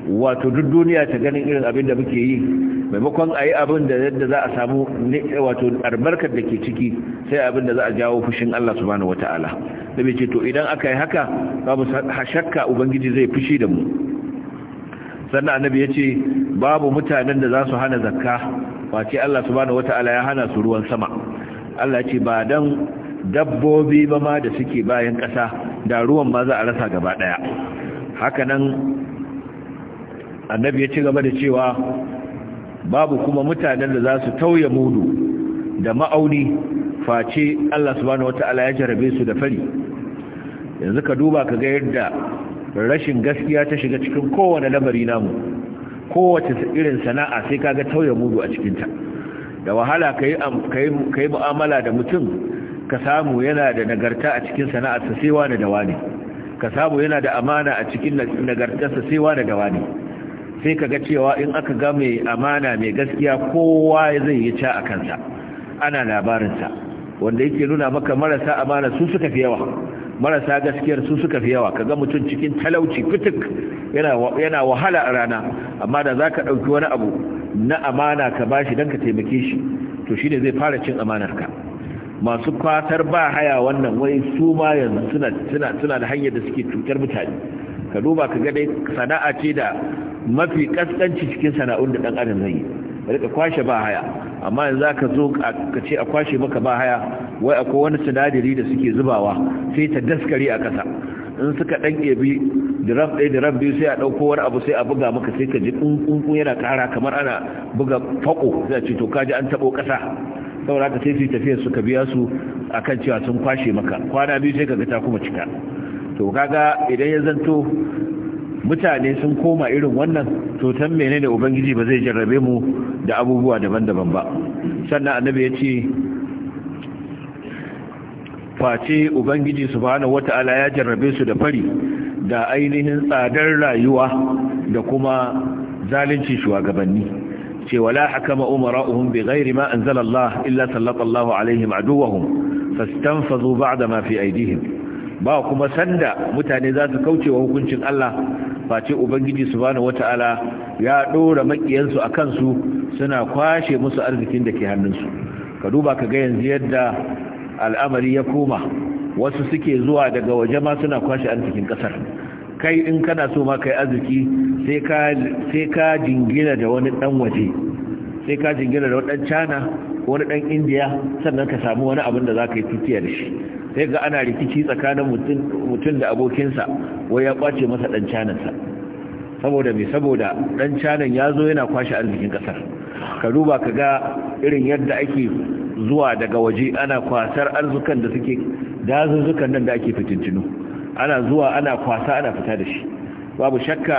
wato duk duniya ta ganin irin abin da muke yi maimakon a yi abin da yadda za a samu wato albarkar da ke ciki sai abin da za a jawo fushin Allah subhanahu wata'ala da bai ce to idan aka yi haka babu shakka ubangiji zai fushi da mu sannan annabi ya ce babu mutanen da za su hana zakka wace Allah subhanahu wata'ala ya hana su ruwan sama Allah ce ba dan dabbobi ba ma da suke bayan kasa, da ruwan ma za a rasa gaba ɗaya haka nan annabi ya ci gaba da cewa babu kuma mutanen da za su tauye mudu da ma'auni face Allah subhanahu wata'ala ya jarabe su da fari yanzu ka duba ka ga yadda rashin gaskiya ta shiga cikin kowane lamari namu kowace irin sana'a sai ga tauye mudu a cikinta da wahala ka yi mu'amala da mutum ka samu yana da nagarta a cikin sana'arsa sai wane da wane ka samu yana da amana a cikin nagartarsa sai wane da wane sai ka ga cewa in aka ga mai amana mai gaskiya kowa zai yi ca a kansa ana labarinsa wanda yake nuna maka marasa amana su suka fi yawa marasa gaskiyar su suka fi yawa kaga mutum cikin talauci fituk yana wahala a rana amma da za ka ɗauki wani abu na amana ka ba shi don ka taimake shi to shi ne zai fara cin amanar ka masu kwatar ba haya wannan wai su ma yanzu suna da hanyar da suke cutar mutane ka duba ka ga dai sana'a ce da mafi kaskanci cikin sana'un da dan adam zai yi rika kwashe ba haya amma yanzu ka zo ka ce a kwashe maka ba haya wai akwai wani sinadari da suke zubawa sai ta daskare a kasa in suka dan ebi drum ɗaya drum biyu sai a ɗauko wani abu sai a buga maka sai ka ji ƙunƙun yana ƙara kamar ana buga fako sai ce to kaji an taɓo ƙasa saboda haka sai su tafiyar ka biya su akan cewa sun kwashe maka kwana biyu sai ka ga ta kuma cika to kaga idan ya zanto mutane sun koma irin wannan to menene ubangiji ba zai jarrabe mu da abubuwa daban-daban ba sannan annabi ya ce face ubangiji subhanahu wata'ala ya jarrabe su da fari da ainihin tsadar rayuwa da kuma zalunci shugabanni ce wala hakama umara'uhum bighairi ma anzala Allah illa sallallahu alaihim aduwahum fastanfazu ba'da ma fi aydihim ba kuma sanda mutane za su kauce wa hukuncin Allah face ubangiji subhanahu wataala ya dora makiyansu a kansu suna kwashe musu arzikin da ke hannunsu ka duba ka ga yanzu yadda al'amari ya koma wasu suke zuwa daga waje ma suna kwashe arzikin kasar kai in kana so ma kai arziki sai ka sai ka jingina da wani dan waje sai ka jingina da wani dan China wani dan India sannan ka samu wani abin da zaka yi tutiya da shi sai ga ana rikici tsakanin mutum da abokinsa wai ya kwace masa dan canansa saboda me saboda dan canan ya zo yana kwashe arzikin kasar ka duba ka ga irin yadda ake zuwa daga waje ana kwasar arzukan da suke dazuzzukan nan da ake fitintinu ana zuwa ana kwasa ana fita da shi babu shakka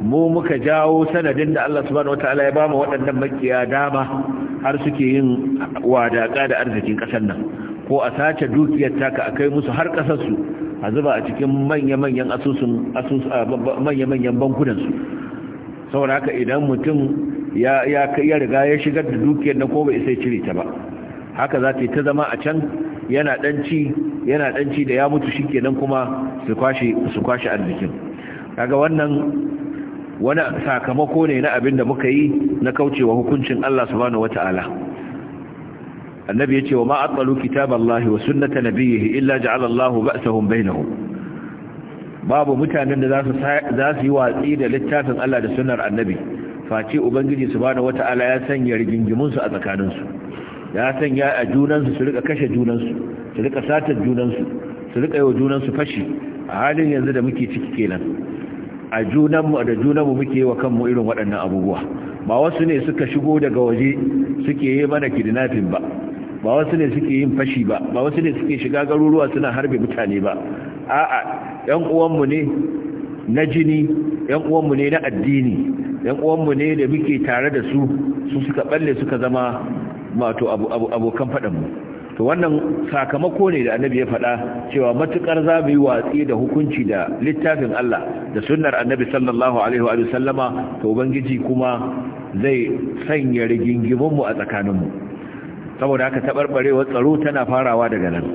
mu muka jawo sanadin da Allah subhanahu wataala ya bamu waɗannan makiya dama har suke yin wadaka da arzikin kasar nan ko a sace dukiyar taka a kai musu har kasarsu a zuba a cikin manya-manyan asusun manya-manyan bankunansu saboda haka idan mutum ya riga ya shigar da dukiyar na ko bai sai cire ta ba haka za ta yi ta zama a can yana ɗanci yana da ya mutu shikenan kuma su kwashe su kwashe arzikin kaga wannan wani sakamako ne na abin da muka yi na kaucewa hukuncin Allah subhanahu wataala annabi yace wa ma atalu kitaballahi wa sunnata nabiyhi illa ja'ala Allahu ba'sahum bainahum babu mutanen da zasu zasu yi watsi da littafin Allah da sunnar annabi face ubangiji subhanahu wata'ala ya sanya rigingimun su a tsakanin su ya sanya a junan su su rika kashe su su satar junan su su rika yawa junan fashi a halin yanzu da muke ciki kenan a junanmu da junanmu muke wa kanmu irin waɗannan abubuwa ba wasu ne suka shigo daga waje suke yi mana kidnapping ba ba wasu ne suke yin fashi ba ba wasu ne suke shiga garuruwa suna harbe mutane ba a'a yan uwanmu ne na jini yan uwanmu ne na addini yan uwanmu ne da muke tare da su su suka balle suka zama mato abokan faɗanmu to wannan sakamako ne da annabi ya faɗa cewa matukar za mu yi watsi da hukunci da littafin Allah da sunnar annabi sallallahu alaihi wa sallama to ubangiji kuma zai sanya rigingimunmu a tsakaninmu saboda haka tabarbarewar tsaro tana farawa daga nan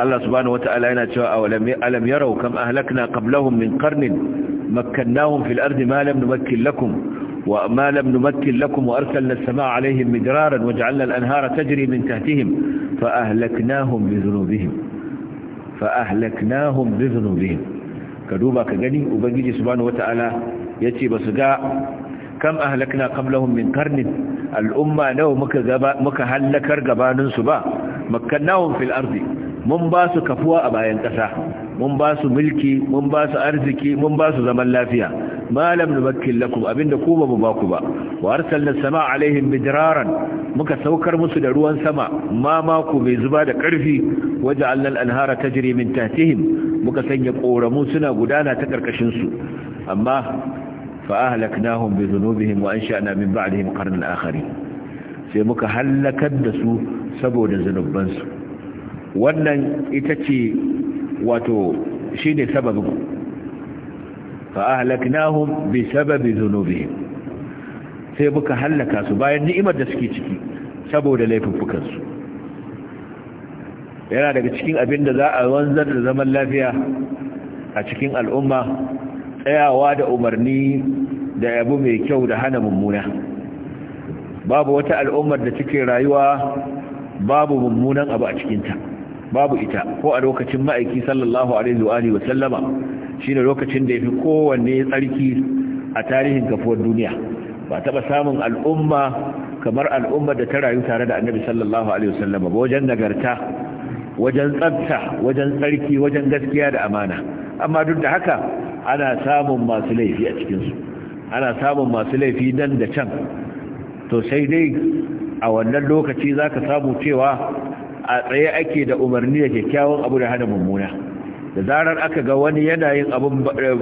Allah subhanahu wata'ala yana cewa awalam alam yarau kam ahlakna qablahum min qarnin makkannahum fil ardi ma lam numakkil lakum wa ma lam numakkil lakum wa arsalna as-samaa'a 'alayhim midraran waj'alna al anhaara tajri min tahtihim fa ahlaknahum bi dhunubihim fa ahlaknahum bi dhunubihim kaduba ka gani ubangiji subhanahu wata'ala yace basu ga kam ahlakna qablahum min qarnin al'umma nawa muka gaba muka halakar gabanin su ba makkannahum fil ardi mun ba su kafuwa a bayan kasa mun ba su mulki mun ba su arziki mun ba su zaman lafiya malam nubakkil lakum abinda ku ba mu ba ku ba wa arsalna samaa alaihim bidraran muka saukar musu da ruwan sama ma mako bai zuba da karfi waja'alna al-anhara tajri min tahtihim muka sanya koramu suna gudana ta karkashin su amma فأهلكناهم بذنوبهم ba من بعدهم قرنا akari sai muka halakar da su saboda zunubansu wannan ita ce wato shi ne sababin fa'ahalaknahum bi sababi zunubihim sai muka halaka su bayan ni'imar da suke ciki saboda laifuffukansu yana daga cikin abin da za a wanzar da zaman lafiya a cikin al'umma tsayawa da umarni da yabu mai kyau da hana mummuna babu wata al'ummar da cikin rayuwa babu mummunan abu a cikinta babu ita ko a lokacin ma'aiki sallallahu alaihi wa sallama shine lokacin da yafi kowanne tsarki a tarihin kafuwar duniya ba taba samun al'umma kamar al'ummar da ta rayu tare da annabi sallallahu alaihi wasallama ba wajen nagarta wajen tsafta wajen tsarki wajen gaskiya da amana amma duk da haka ana samun masu laifi a cikinsu ana samun masu laifi nan da can to sai dai a wannan lokaci za ka samu cewa a tsaye ake da umarni da kyakkyawan abu da hana mummuna da zarar aka ga wani yana yin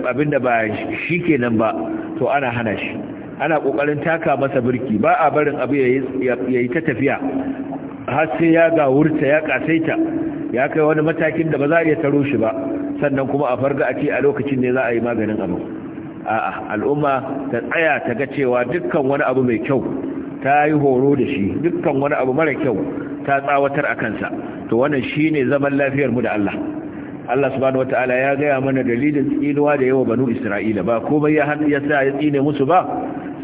abin da ba shi kenan ba to ana hana shi ana ƙoƙarin taka masa birki ba a barin abu ya yi ta tafiya har sai ya gawurta ya ƙasaita ya kai wani matakin da ba za a iya taro shi ba sannan kuma a farga a ce a lokacin ne za a yi maganin abu a'a al'umma ta tsaya ta ga cewa dukkan wani abu mai kyau ta yi horo da shi dukkan wani abu mara kyau ta tsawatar a kansa to wannan shi ne zaman lafiyar mu da Allah Allah subhanahu ta'ala ya gaya mana dalilin tsinuwa da yawa banu Isra'ila ba komai ya ya sa ya tsine musu ba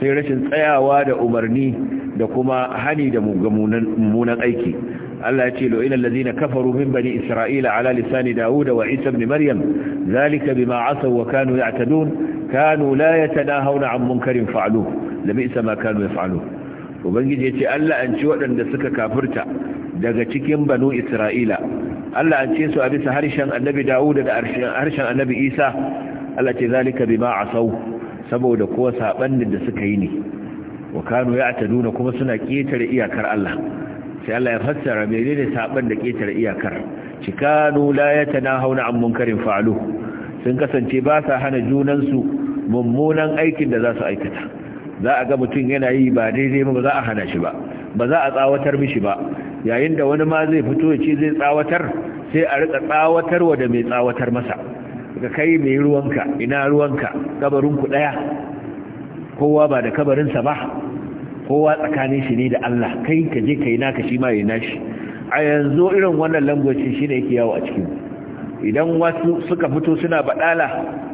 sai rashin tsayawa da umarni da kuma hani da mummunan aiki Allah ya ce lo'ina allazina kafaru min bani isra'ila ala lisani daud wa isa ibn maryam zalika bima asaw wa kanu ya'tadun kanu la yatanahawna an munkarin fa'alu isa ma kanu yaf'alu ubangiji ya ce Allah an ci waɗanda suka kafirta daga cikin banu isra'ila Allah an ce su a bisa harshen annabi daud da harshen annabi isa Allah ce zalika bima asaw saboda kuwa sabanin da suka yi ne wa kanu ya ataduna kuma suna ƙetare iyakar Allah sai Allah ya fassara menene saban da ƙetare iyakar tana la na an munkarin fa'alu sun kasance ba sa hana junan su mummunan aikin da za su aikata za a ga mutum yana yi ba daidai ba za a hana shi ba ba za a tsawatar mishi ba yayin da wani ma zai fito ya ce zai tsawatar sai a rika tsawatarwa da mai tsawatar masa ga kai mai ruwanka ina ruwanka kabarinku ɗaya kowa ba da kabarinsa ba kowa tsakanin shi ne da Allah kai ka je kai naka shi ma ya nashi a yanzu irin wannan language shi ne yake yawo a cikin idan wasu suka fito suna baɗala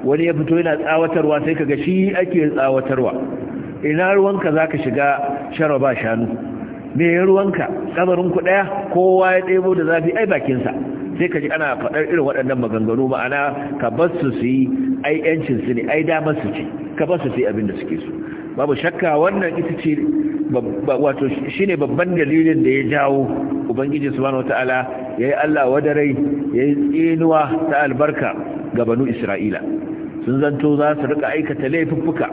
wani ya fito yana tsawatarwa sai kaga shi ake tsawatarwa ina ruwanka zaka ka shiga sharaba shanu me ruwanka ku ɗaya kowa ya ɗebo da zafi ai bakinsa sai ka ji ana faɗar irin waɗannan maganganu ma'ana ka bar su su yi ai yancin su ne ai damar su ce ka bar su su yi abin da suke so babu shakka wannan ita ce wato shine babban dalilin da ya jawo ubangiji subhanahu wataala yayi Allah wadarai yayi tsinuwa ta albarka ga banu Isra'ila sun zanto za su rika aikata laifuffuka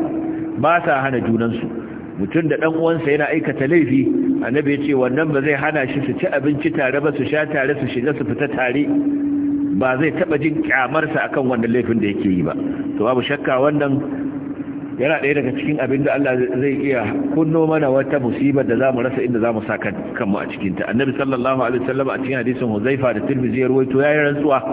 ba sa hana junansu mutum da ɗan uwansa yana aikata laifi annabi ya ce wannan ba zai hana shi su ci abinci tare ba su sha tare su shiga su fita tare ba zai taɓa jin kyamarsa kan wannan laifin da yake yi ba to babu shakka wannan yana ɗaya daga cikin abin da Allah zai iya kunno mana wata musibar da mu rasa inda mu sa kanmu a cikin annabi sallallahu alaihi wasallam a cikin hadisin Huzaifa da Tirmidhi ya rawaito yayin rantsuwa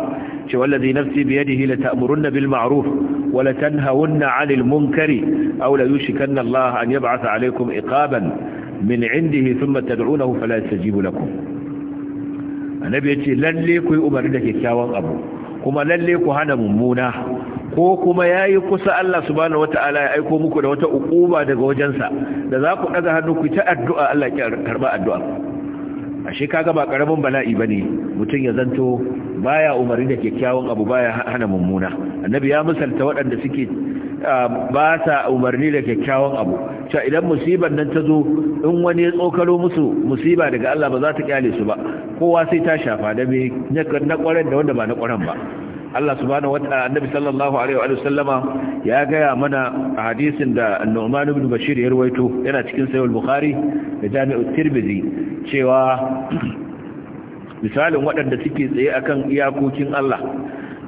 ce wallazi nafsi bi yadihi la ta'muruna bil ma'ruf wala tanhawunna 'anil munkari aw la yushkanna Allah an yab'atha 'alaykum iqaban min 'indihi thumma tad'unahu fala yastajibu lakum annabi yace lalle ku yi umarni da kyakkyawan abu kuma lallai ku hana mummuna ko kuma yayi kusa Allah subhanahu wataala ya aiko muku da wata ukuba daga wajensa da za ku daga hannu ku ta addu'a Allah ya addu'a ashe kaga ba karamin bala'i bane mutum ya zanto baya umarni da kyakkyawan abu baya hana mummuna annabi ya misalta waɗanda suke ba sa umarni da kyakkyawan abu cewa idan musibar nan ta zo in wani ya tsokalo musu musiba daga Allah ba za ta kyale su ba kowa sai ta shafa da me na kwaran da wanda ba na kwaran ba Allah subhanahu wataala annabi sallallahu alaihi wa sallama ya gaya mana a hadisin da Nu'man ibn Bashir ya rawaito yana cikin sahih al-Bukhari da Jami'u Tirmidhi cewa misalin waɗanda suke tsaye akan iyakokin Allah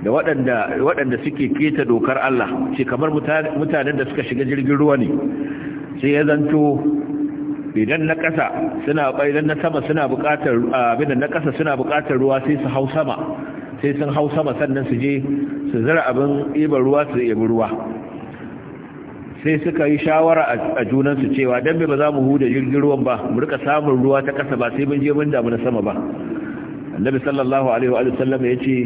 da waɗanda waɗanda suke keta dokar Allah ce kamar mutanen da suka shiga jirgin ruwa ne sai ya zanto idan na ƙasa suna idan na sama suna buƙatar abin da na ƙasa suna buƙatar ruwa sai su hau sama sai sun hau sama sannan su je su zira abin ibar ruwa su ibi ruwa sai suka yi shawara a junansu cewa don bai ba za mu huda jirgin ruwan ba mu rika samun ruwa ta ƙasa ba sai mun je mun damu na sama ba annabi sallallahu alaihi wa sallam ya ce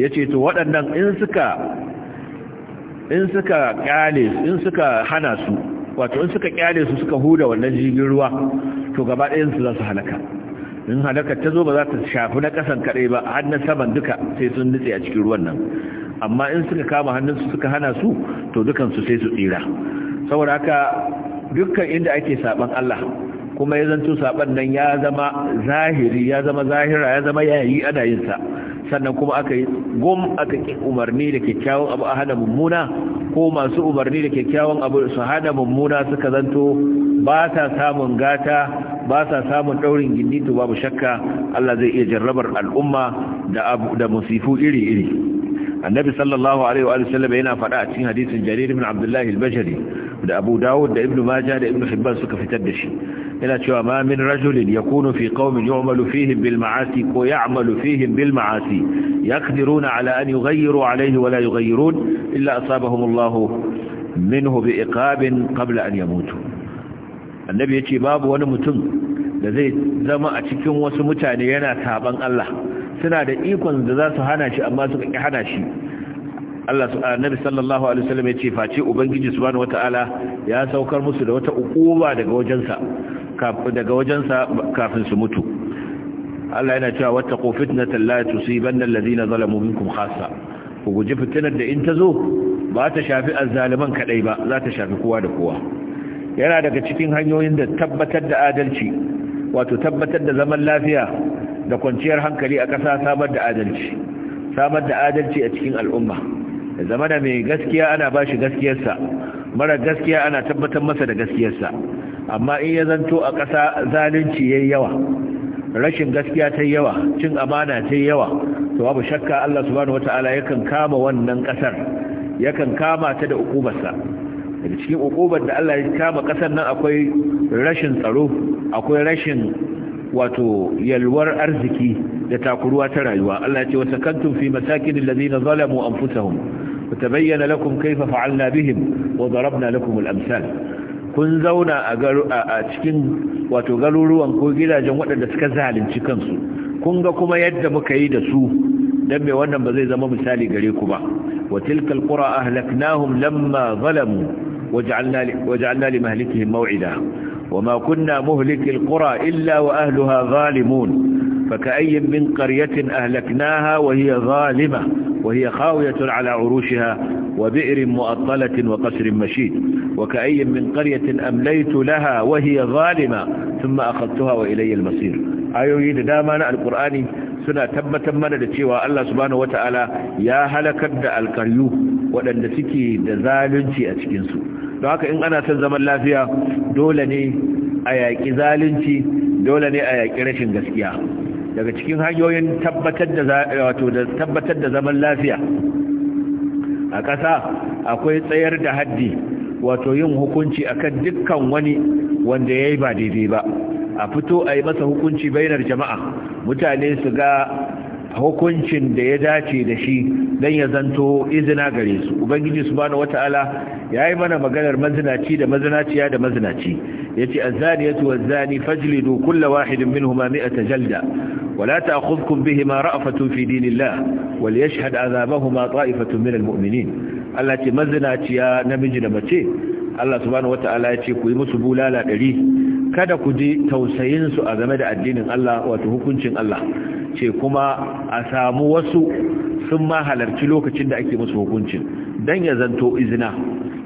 ya ce to waɗannan in suka in suka kyale in suka hana su wato in suka kyale su suka huda wannan jirgin ruwa to gaba ɗayan su za su halaka in halakar ta zo ba za ta shafi na kasan kaɗai ba har na saman duka sai sun nutse a cikin ruwan nan amma in suka kama hannunsu suka hana su to dukansu sai su tsira saboda haka dukkan inda ake saban Allah kuma ya zanto saban nan ya zama zahiri ya zama zahira ya zama yayi ana yin sa sannan kuma aka yi gum aka ki umarni da kyakkyawan abu a hana mummuna ko masu umarni da kyakkyawan abu su hana mummuna suka zanto ba ta samun gata ba sa samun daurin gindi to babu shakka Allah zai iya jarrabar al'umma da abu da musifu iri-iri annabi sallallahu alaihi wa sallam yana faɗa a cikin hadisin jarir ibn abdullah al-bajali da abu dawud da ibn majah da ibn hibban suka fitar da shi yana cewa ma min rajulin yakunu fi qaumin yu'malu fihim bil ma'asi ko ya'malu fihim bil ma'asi yaqdiruna ala an yughayyiru alayhi wa la yughayyirun illa asabahum Allah minhu bi iqabin qabla an yamutu annabi ya ce babu wani mutum da zai zama a cikin wasu mutane yana saban Allah suna da ikon da za su hana shi amma suka ƙi hana shi Allah annabi sallallahu alaihi wasallam ya ce face ubangiji subhanahu wataala ya saukar musu da wata ukuba daga wajensa daga wajensa kafin su mutu Allah yana cewa wattaqu fitnatan la tusibanna alladhina zalamu minkum khassa ku guji fitinar da in ta zo ba ta shafi azzaliman kadai ba za ta shafi kowa da kowa yana daga cikin hanyoyin da tabbatar da adalci wato tabbatar da zaman lafiya da kwanciyar hankali a ƙasa samar da adalci samar da adalci a cikin al'umma da zama da mai gaskiya ana ba shi gaskiyarsa mara gaskiya ana tabbatar masa da gaskiyarsa amma in ya zanto a ƙasa zalunci ya yawa rashin gaskiya ta yawa cin amana ta yawa to babu shakka Allah subhanahu wata'ala yakan kama wannan ƙasar yakan kama ta da ukubarsa daga cikin ukubar da Allah ya kama kasar nan akwai rashin tsaro akwai rashin wato yalwar arziki da takuruwa ta rayuwa Allah ya ce wasakantum fi masakinil ladina zalamu anfusahum tabayyana lakum kaifa fa'alna bihim wa darabna lakum al-amsal kun zauna a cikin wato garuruwan ko gidajen waɗanda suka zalunci kansu kun ga kuma yadda muka yi da su dan me wannan ba zai zama misali gare ku ba wa tilkal qura ahlaknahum lamma zalamu وجعلنا وجعلنا لمهلكهم موعدا وما كنا مهلك القرى إلا وأهلها ظالمون فكأي من قرية أهلكناها وهي ظالمة وهي خاوية على عروشها وبئر مؤطلة وقصر مشيد وكأي من قرية أمليت لها وهي ظالمة ثم أخذتها وإلي المصير أيوه دامنا القرآن سنة تم تم ندتي الله سبحانه وتعالى يا ya halakar ولن alkaryu دزال في اتشكنسو don haka in ana son zaman lafiya dole ne a yaƙi zalunci dole ne a yaƙi rashin gaskiya daga cikin hanyoyin tabbatar da tabbatar da zaman lafiya a ƙasa akwai tsayar da haddi wato yin hukunci akan dukkan wani wanda ya yi ba daidai ba a fito a yi masa hukunci bainar jama'a mutane su ga hukuncin da ya dace da shi don ya zanto izina gare su ubangiji subhanahu wataala yayi mana maganar mazinaci da mazinaciya da mazinaci yace azaniyatu wazani fajlidu kulla wahidin minhumā ta jalda wa la ta'khudhukum bihima ra'fatun fi dinillah wal huma 'adhābahumā ṭā'ifatun minal muminin Allah ce mazinaciya namiji da mace Allah subhanahu wataala ce ku yi musu bulala ɗari. kada ku ji tausayin su a game da addinin Allah wato hukuncin Allah ce kuma a samu wasu sun ma halarci lokacin da ake musu hukuncin dan ya zanto izina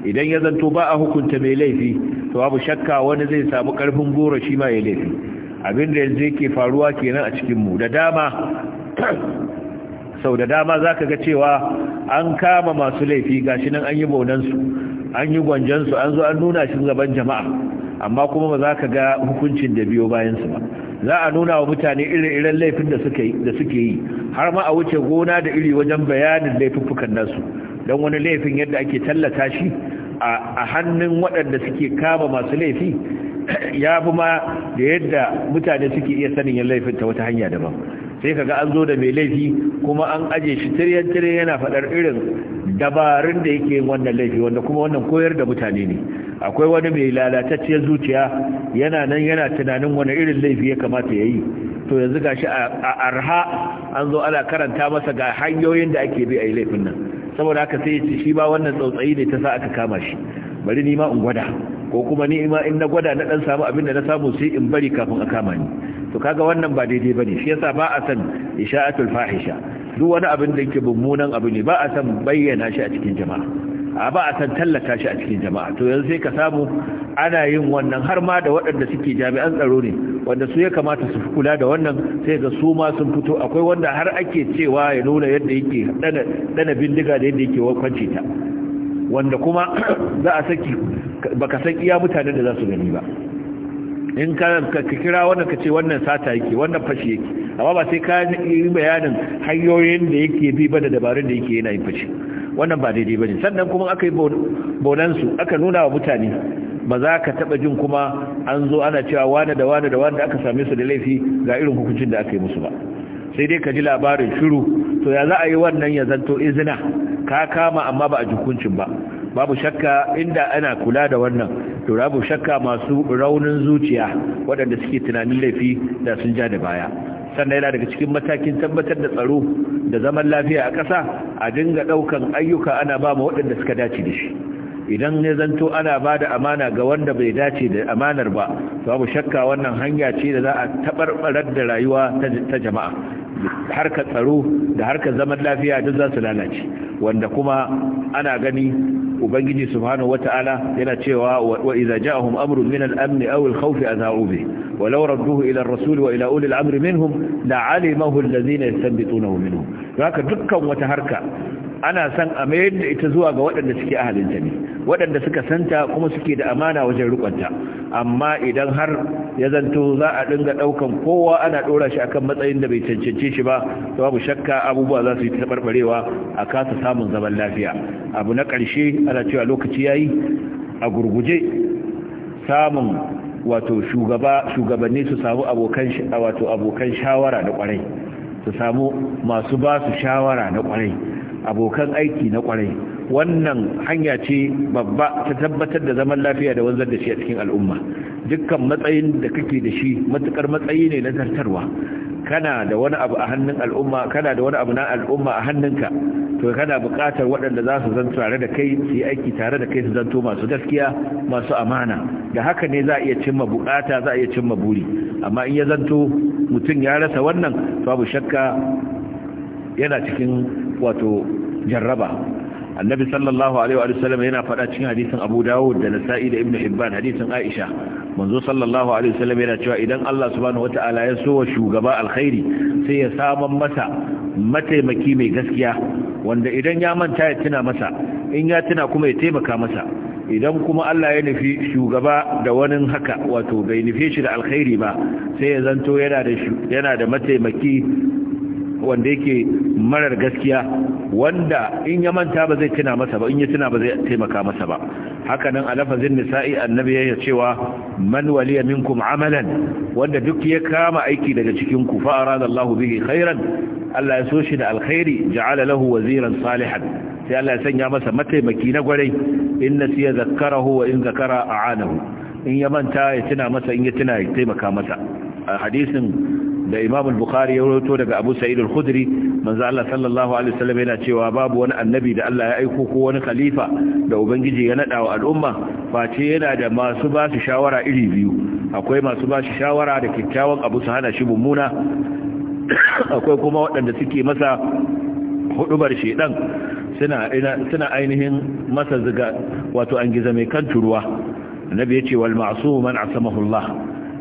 idan ya zanto ba a hukunta mai laifi to babu shakka wani zai samu karfin goro shi ma ya laifi abin da yanzu yake faruwa kenan a cikin mu da dama sau da dama zaka ga cewa an kama masu laifi gashi nan an yi bonansu an yi gwanjansu an zo an nuna shi gaban jama'a amma kuma ba za ka ga hukuncin da biyo bayansu ba za a nuna wa mutane irin iren laifin da suke yi har ma a wuce gona da iri wajen bayanin laifuffukan nasu don wani laifin yadda ake tallata shi a hannun waɗanda suke kama masu laifi ya fi ma da yadda mutane suke iya sanin yin laifin ta wata hanya daban sai kaga an zo da mai laifi kuma an aje shi tiryan-tiryan yana faɗar irin dabarun da yake wannan laifi wanda kuma wannan koyar da mutane ne akwai wani mai lalatacciyar zuciya yana nan yana tunanin wani irin laifi ya kamata ya yi to yanzu gashi a arha an zo ana karanta masa ga hanyoyin da ake bi a yi laifin nan saboda haka sai ce shi ba wannan tsautsayi ne ta sa aka kama shi bari ni ma in gwada ko kuma ni ma in na gwada na dan samu abin da na samu sai in bari kafin a kama ni to kaga wannan ba daidai bane shi yasa ba a san isha'atul fahisha duk wani abin da yake mummunan abu ne ba a san bayyana shi a cikin jama'a a ba a san tallata shi a cikin jama'a to yanzu sai ka samu ana yin wannan har ma da waɗanda suke jami'an tsaro ne wanda su ya kamata su kula da wannan sai ga su ma sun fito akwai wanda har ake cewa ya nuna yadda yake dana bindiga da yadda yake kwance ta wanda kuma za a saki baka san iya mutanen da za su gani ba in ka kira wannan ka ce wannan sata yake wannan fashi yake amma ba sai ka yi bayanin hanyoyin da yake bi ba da dabarun da yake yana yin fashi wannan ba daidai bane sannan kuma aka yi bonansu aka nuna wa mutane ba za ka taba jin kuma an zo ana cewa wani da wani da wanda aka same su da laifi ga irin hukuncin da aka yi musu ba sai dai ka ji labarin shiru to ya za a yi wannan ya zanto izina ka kama amma ba a jikuncin ba babu shakka inda ana kula da wannan to rabu shakka masu raunin zuciya waɗanda suke tunanin laifi da sun ja da baya sannan yana daga cikin matakin tabbatar da tsaro da zaman lafiya a ƙasa a dinga ɗaukan ayyuka ana ba ma waɗanda suka dace da shi idan ne zanto ana ba da amana ga wanda bai dace da amanar ba babu shakka wannan hanya ce da za a taɓarɓarar da rayuwa ta jama'a harkar tsaro da harkar zaman lafiya duk za su lalace wanda kuma ana gani ubangiji subhanahu wata'ala yana cewa wa idza ja'ahum amrun min al-amn aw al-khawf azau bi wa law radduhu ila ar-rasul wa ila ulil amri minhum la'alimahu alladhina yastanbitunahu minhum haka dukkan wata harka ana san a mayar da ita zuwa ga waɗanda suke ahalinta ne waɗanda suka santa kuma suke da amana wajen rukunta amma idan har ya zanto za a dinga ɗaukan kowa ana ɗora shi akan matsayin da bai cancance shi ba to babu shakka abubuwa za su yi taɓarɓarewa a kasa samun zaman lafiya abu na ƙarshe ana cewa lokaci yayi a gurguje samun wato shugaba shugabanni su samu abokan wato abokan shawara da ƙwarai su samu masu ba su shawara na kwarai abokan aiki na kwarai wannan hanya ce babba ta tabbatar da zaman lafiya da wanzar da shi a cikin al'umma dukkan matsayin da kake da shi matukar matsayi ne na zartarwa kana da wani abu a hannun al'umma kana da wani abu na al'umma a hannunka to kana buƙatar waɗanda za su zan tare da kai su yi aiki tare da kai su zanto masu gaskiya masu amana da haka ne za a iya cimma buƙata za a iya cimma buri amma in ya zanto mutum ya rasa wannan babu shakka yana cikin wato jarraba annabi sallallahu alaihi wa sallam yana faɗa cikin hadisin abu dawud da nasa'i da ibnu hibban hadisin aisha manzo sallallahu alaihi wa sallam yana cewa idan allah subhanahu wata'ala ya so wa shugaba alkhairi sai ya saman masa mataimaki mai gaskiya wanda idan ya manta ya tuna masa in ya tuna kuma ya taimaka masa idan kuma allah ya nufi shugaba da wani haka wato bai nufe shi da alkhairi ba sai ya zanto yana da yana da mataimaki wanda yake marar gaskiya wanda in ya manta ba zai tuna masa ba in ya tuna ba zai taimaka masa ba haka nan a lafazin nisa'i annabi ya cewa man waliya minkum amalan wanda duk ya kama aiki daga cikin ku fa arada bihi khairan Allah ya so shi da alkhairi ja'ala lahu waziran salihan sai Allah ya sanya masa mataimaki na gwarai in nasiya zakkarahu wa in zakara a'anahu in ya manta ya tuna masa in ya tuna ya taimaka masa hadisin da Imam bukari bukhari ya rawaito daga Abu Sa'id al-Khudri manzo Allah sallallahu alaihi wasallam yana cewa babu wani annabi da Allah ya aiko ko wani khalifa da ubangiji ya nada wa al'umma face yana da masu ba su shawara iri biyu akwai masu ba shi shawara da kyakkyawan abu su hana shi mummuna akwai kuma waɗanda suke masa hudubar shedan suna suna ainihin masa ziga wato an mai kan turuwa annabi yace wal ma'sum man asamahu Allah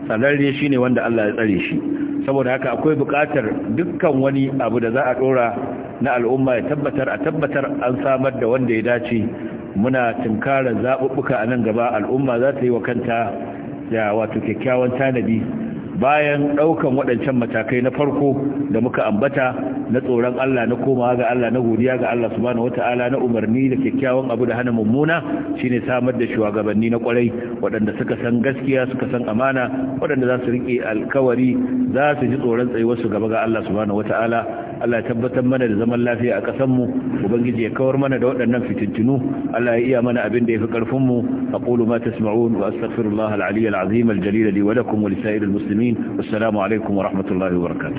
sanarre shine wanda Allah ya tsare shi saboda haka akwai bukatar dukkan wani abu da za a ɗora na al'umma ya tabbatar a tabbatar an samar da wanda ya dace muna tunkarar zaɓuɓɓuka a nan gaba al'umma za ta yi wa kanta da wato kyakkyawan tanadi bayan ɗaukan waɗancan matakai na farko da muka ambata na tsoron Allah na komawa ga Allah na godiya ga Allah subhanahu wata'ala na umarni da kyakkyawan abu da hana mummuna shine samar da shugabanni na kwarai waɗanda suka san gaskiya suka san amana waɗanda za su riƙe alkawari za su ji tsoron tsayuwar su gaba ga Allah subhanahu wata'ala Allah tabbatar mana da zaman lafiya a ƙasar mu ubangiji ya kawar mana da waɗannan fitintunu Allah ya iya mana abin da yafi karfin mu aqulu ma tasma'un wa astaghfirullah al-ali al-azim al-jalil li wa lakum wa lisa'ir al-muslimin wassalamu alaikum wa rahmatullahi wa barakatuh